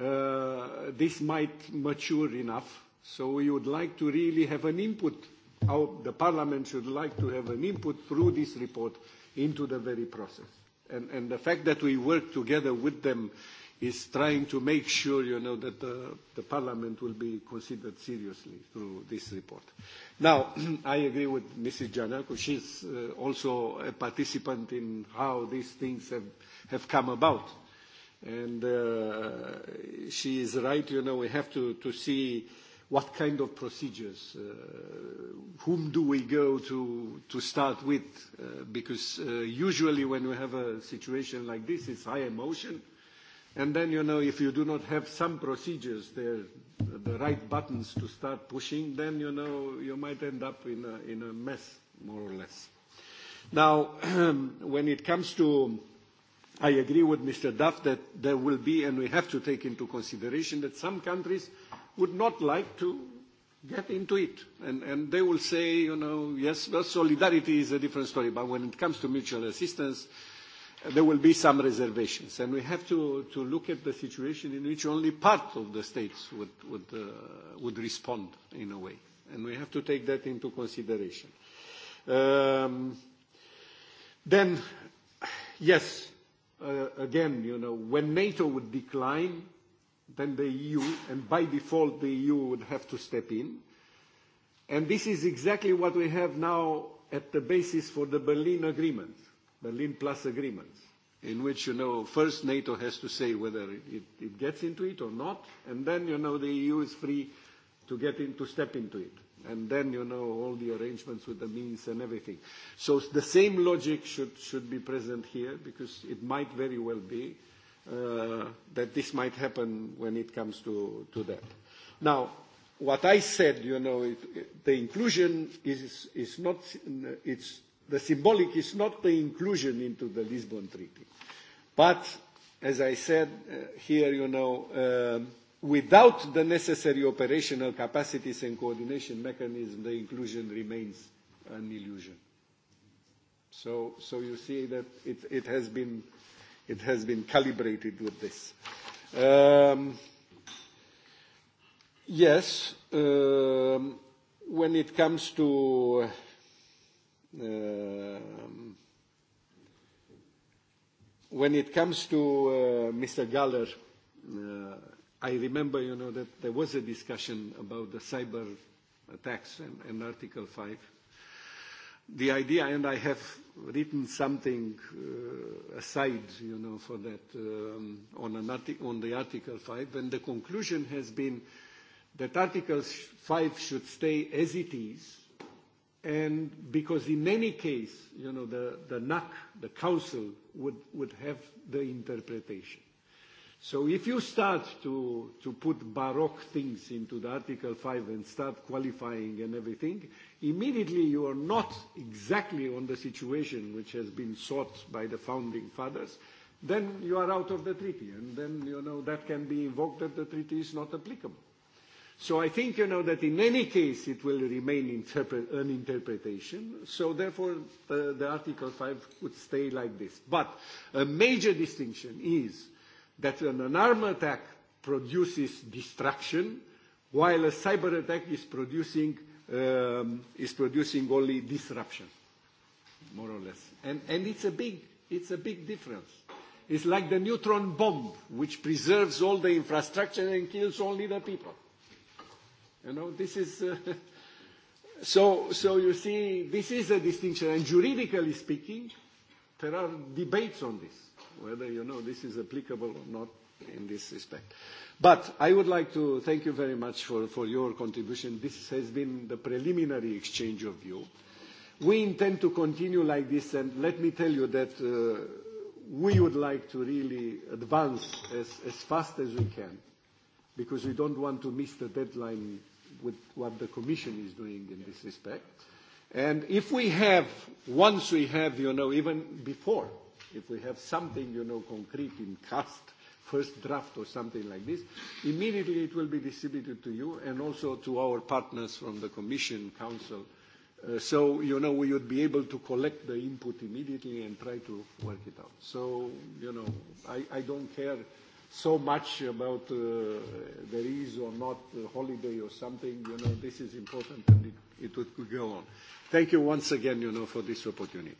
uh, this might mature enough. So we would like to really have an input, our, the Parliament should like to have an input through this report into the very process. And, and the fact that we work together with them uh, is trying to make sure you know that the, the parliament will be considered seriously through this report. now, i agree with mrs. janako. she's uh, also a participant in how these things have, have come about. and uh, she is right. you know, we have to, to see what kind of procedures, uh, whom do we go to, to start with? Uh, because uh, usually when we have a situation like this, it's high emotion. Uh, And then, you know, if you do not have some procedures there, the right buttons to start pushing, then, you know, you might end up in a, in a mess, more or less. Now, when it comes to, I agree with Mr. Duff that there will be, and we have to take into consideration that some countries would not like to get into it. And, and they will say, you know, yes, well, solidarity is a different story. But when it comes to mutual assistance, there will be some reservations, and we have to, to look at the situation in which only part of the states would, would, uh, would respond in a way. And we have to take that into consideration. Um, then, yes, uh, again, you know, when NATO would decline, then the EU, and by default the EU would have to step in. And this is exactly what we have now at the basis for the Berlin Agreement. Berlin Plus Agreements, in which, you know, first NATO has to say whether it, it gets into it or not, and then, you know, the EU is free to, get in, to step into it. And then, you know, all the arrangements with the means and everything. So the same logic should, should be present here, because it might very well be uh, that this might happen when it comes to, to that. Now, what I said, you know, it, it, the inclusion is, is not, it's the symbolic is not the inclusion into the Lisbon Treaty. But, as I said uh, here, you know, uh, without the necessary operational capacities and coordination mechanism, the inclusion remains an illusion. So, so you see that it, it, has, been, it has been calibrated with this. Um, yes, um, when it comes to uh, Um, when it comes to uh, Mr. Galler, uh, I remember, you know, that there was a discussion about the cyber attacks and, and Article 5. The idea, and I have written something uh, aside, you know, for that um, on, an arti- on the Article 5, and the conclusion has been that Article 5 should stay as it is, and because in any case, you know, the, the NAC, the council, would, would have the interpretation. So if you start to, to put Baroque things into the Article 5 and start qualifying and everything, immediately you are not exactly on the situation which has been sought by the founding fathers, then you are out of the treaty, and then, you know, that can be invoked that the treaty is not applicable. So I think you know that in any case it will remain interpret- an interpretation. So therefore, the, uh, the Article 5 would stay like this. But a major distinction is that an, an arm attack produces destruction, while a cyber attack is producing, um, is producing only disruption, more or less. And, and it's, a big, it's a big difference. It's like the neutron bomb, which preserves all the infrastructure and kills only the people. You know, this is, uh, so, so you see, this is a distinction. And juridically speaking, there are debates on this, whether, you know, this is applicable or not in this respect. But I would like to thank you very much for, for your contribution. This has been the preliminary exchange of view. We intend to continue like this, and let me tell you that uh, we would like to really advance as, as fast as we can because we don't want to miss the deadline with what the Commission is doing in this respect. And if we have, once we have, you know, even before, if we have something, you know, concrete in cast, first draft or something like this, immediately it will be distributed to you and also to our partners from the Commission, Council. Uh, so, you know, we would be able to collect the input immediately and try to work it out. So, you know, I, I don't care so much about uh, there is or not a holiday or something, you know, this is important and it, it would go on. Thank you once again, you know, for this opportunity.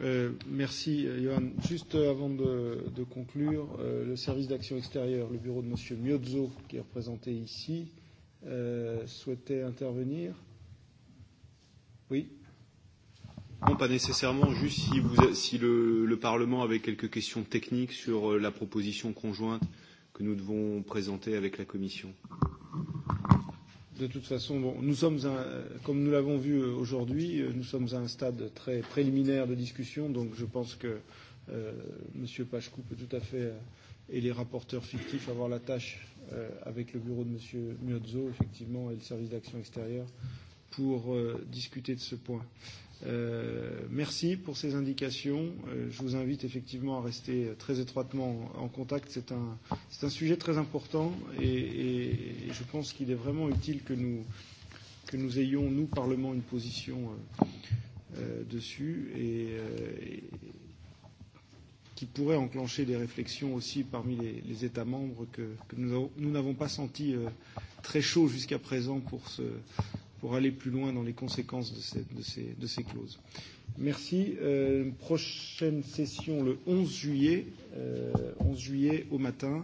Euh, merci Johan. Juste euh, avant de, de conclure, euh, le service d'action extérieure, le bureau de Monsieur Miozzo, qui est représenté ici, euh, souhaitait intervenir. Oui, Non, pas nécessairement, juste si, vous, si le, le Parlement avait quelques questions techniques sur euh, la proposition conjointe que nous devons présenter avec la Commission. De toute façon, bon, nous sommes un, comme nous l'avons vu euh, aujourd'hui, euh, nous sommes à un stade très préliminaire de discussion, donc je pense que euh, M. Pachkou peut tout à fait, euh, et les rapporteurs fictifs, avoir la tâche euh, avec le bureau de M. Miozzo, effectivement, et le service d'action extérieure, pour euh, discuter de ce point. Euh, Euh, merci pour ces indications. Euh, je vous invite effectivement à rester très étroitement en contact. C'est un, c'est un sujet très important et, et, et je pense qu'il est vraiment utile que nous, que nous ayons, nous, Parlement, une position euh, euh, dessus et, euh, et qui pourrait enclencher des réflexions aussi parmi les, les États membres que, que nous, avons, nous n'avons pas senti euh, très chaud jusqu'à présent pour ce. Pour pour aller plus loin dans les conséquences de ces, de ces, de ces clauses. Merci. Euh, prochaine session le 11 juillet, euh, 11 juillet au matin,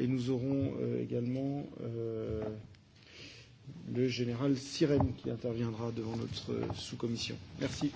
et nous aurons euh, également euh, le général Sirène qui interviendra devant notre euh, sous-commission. Merci.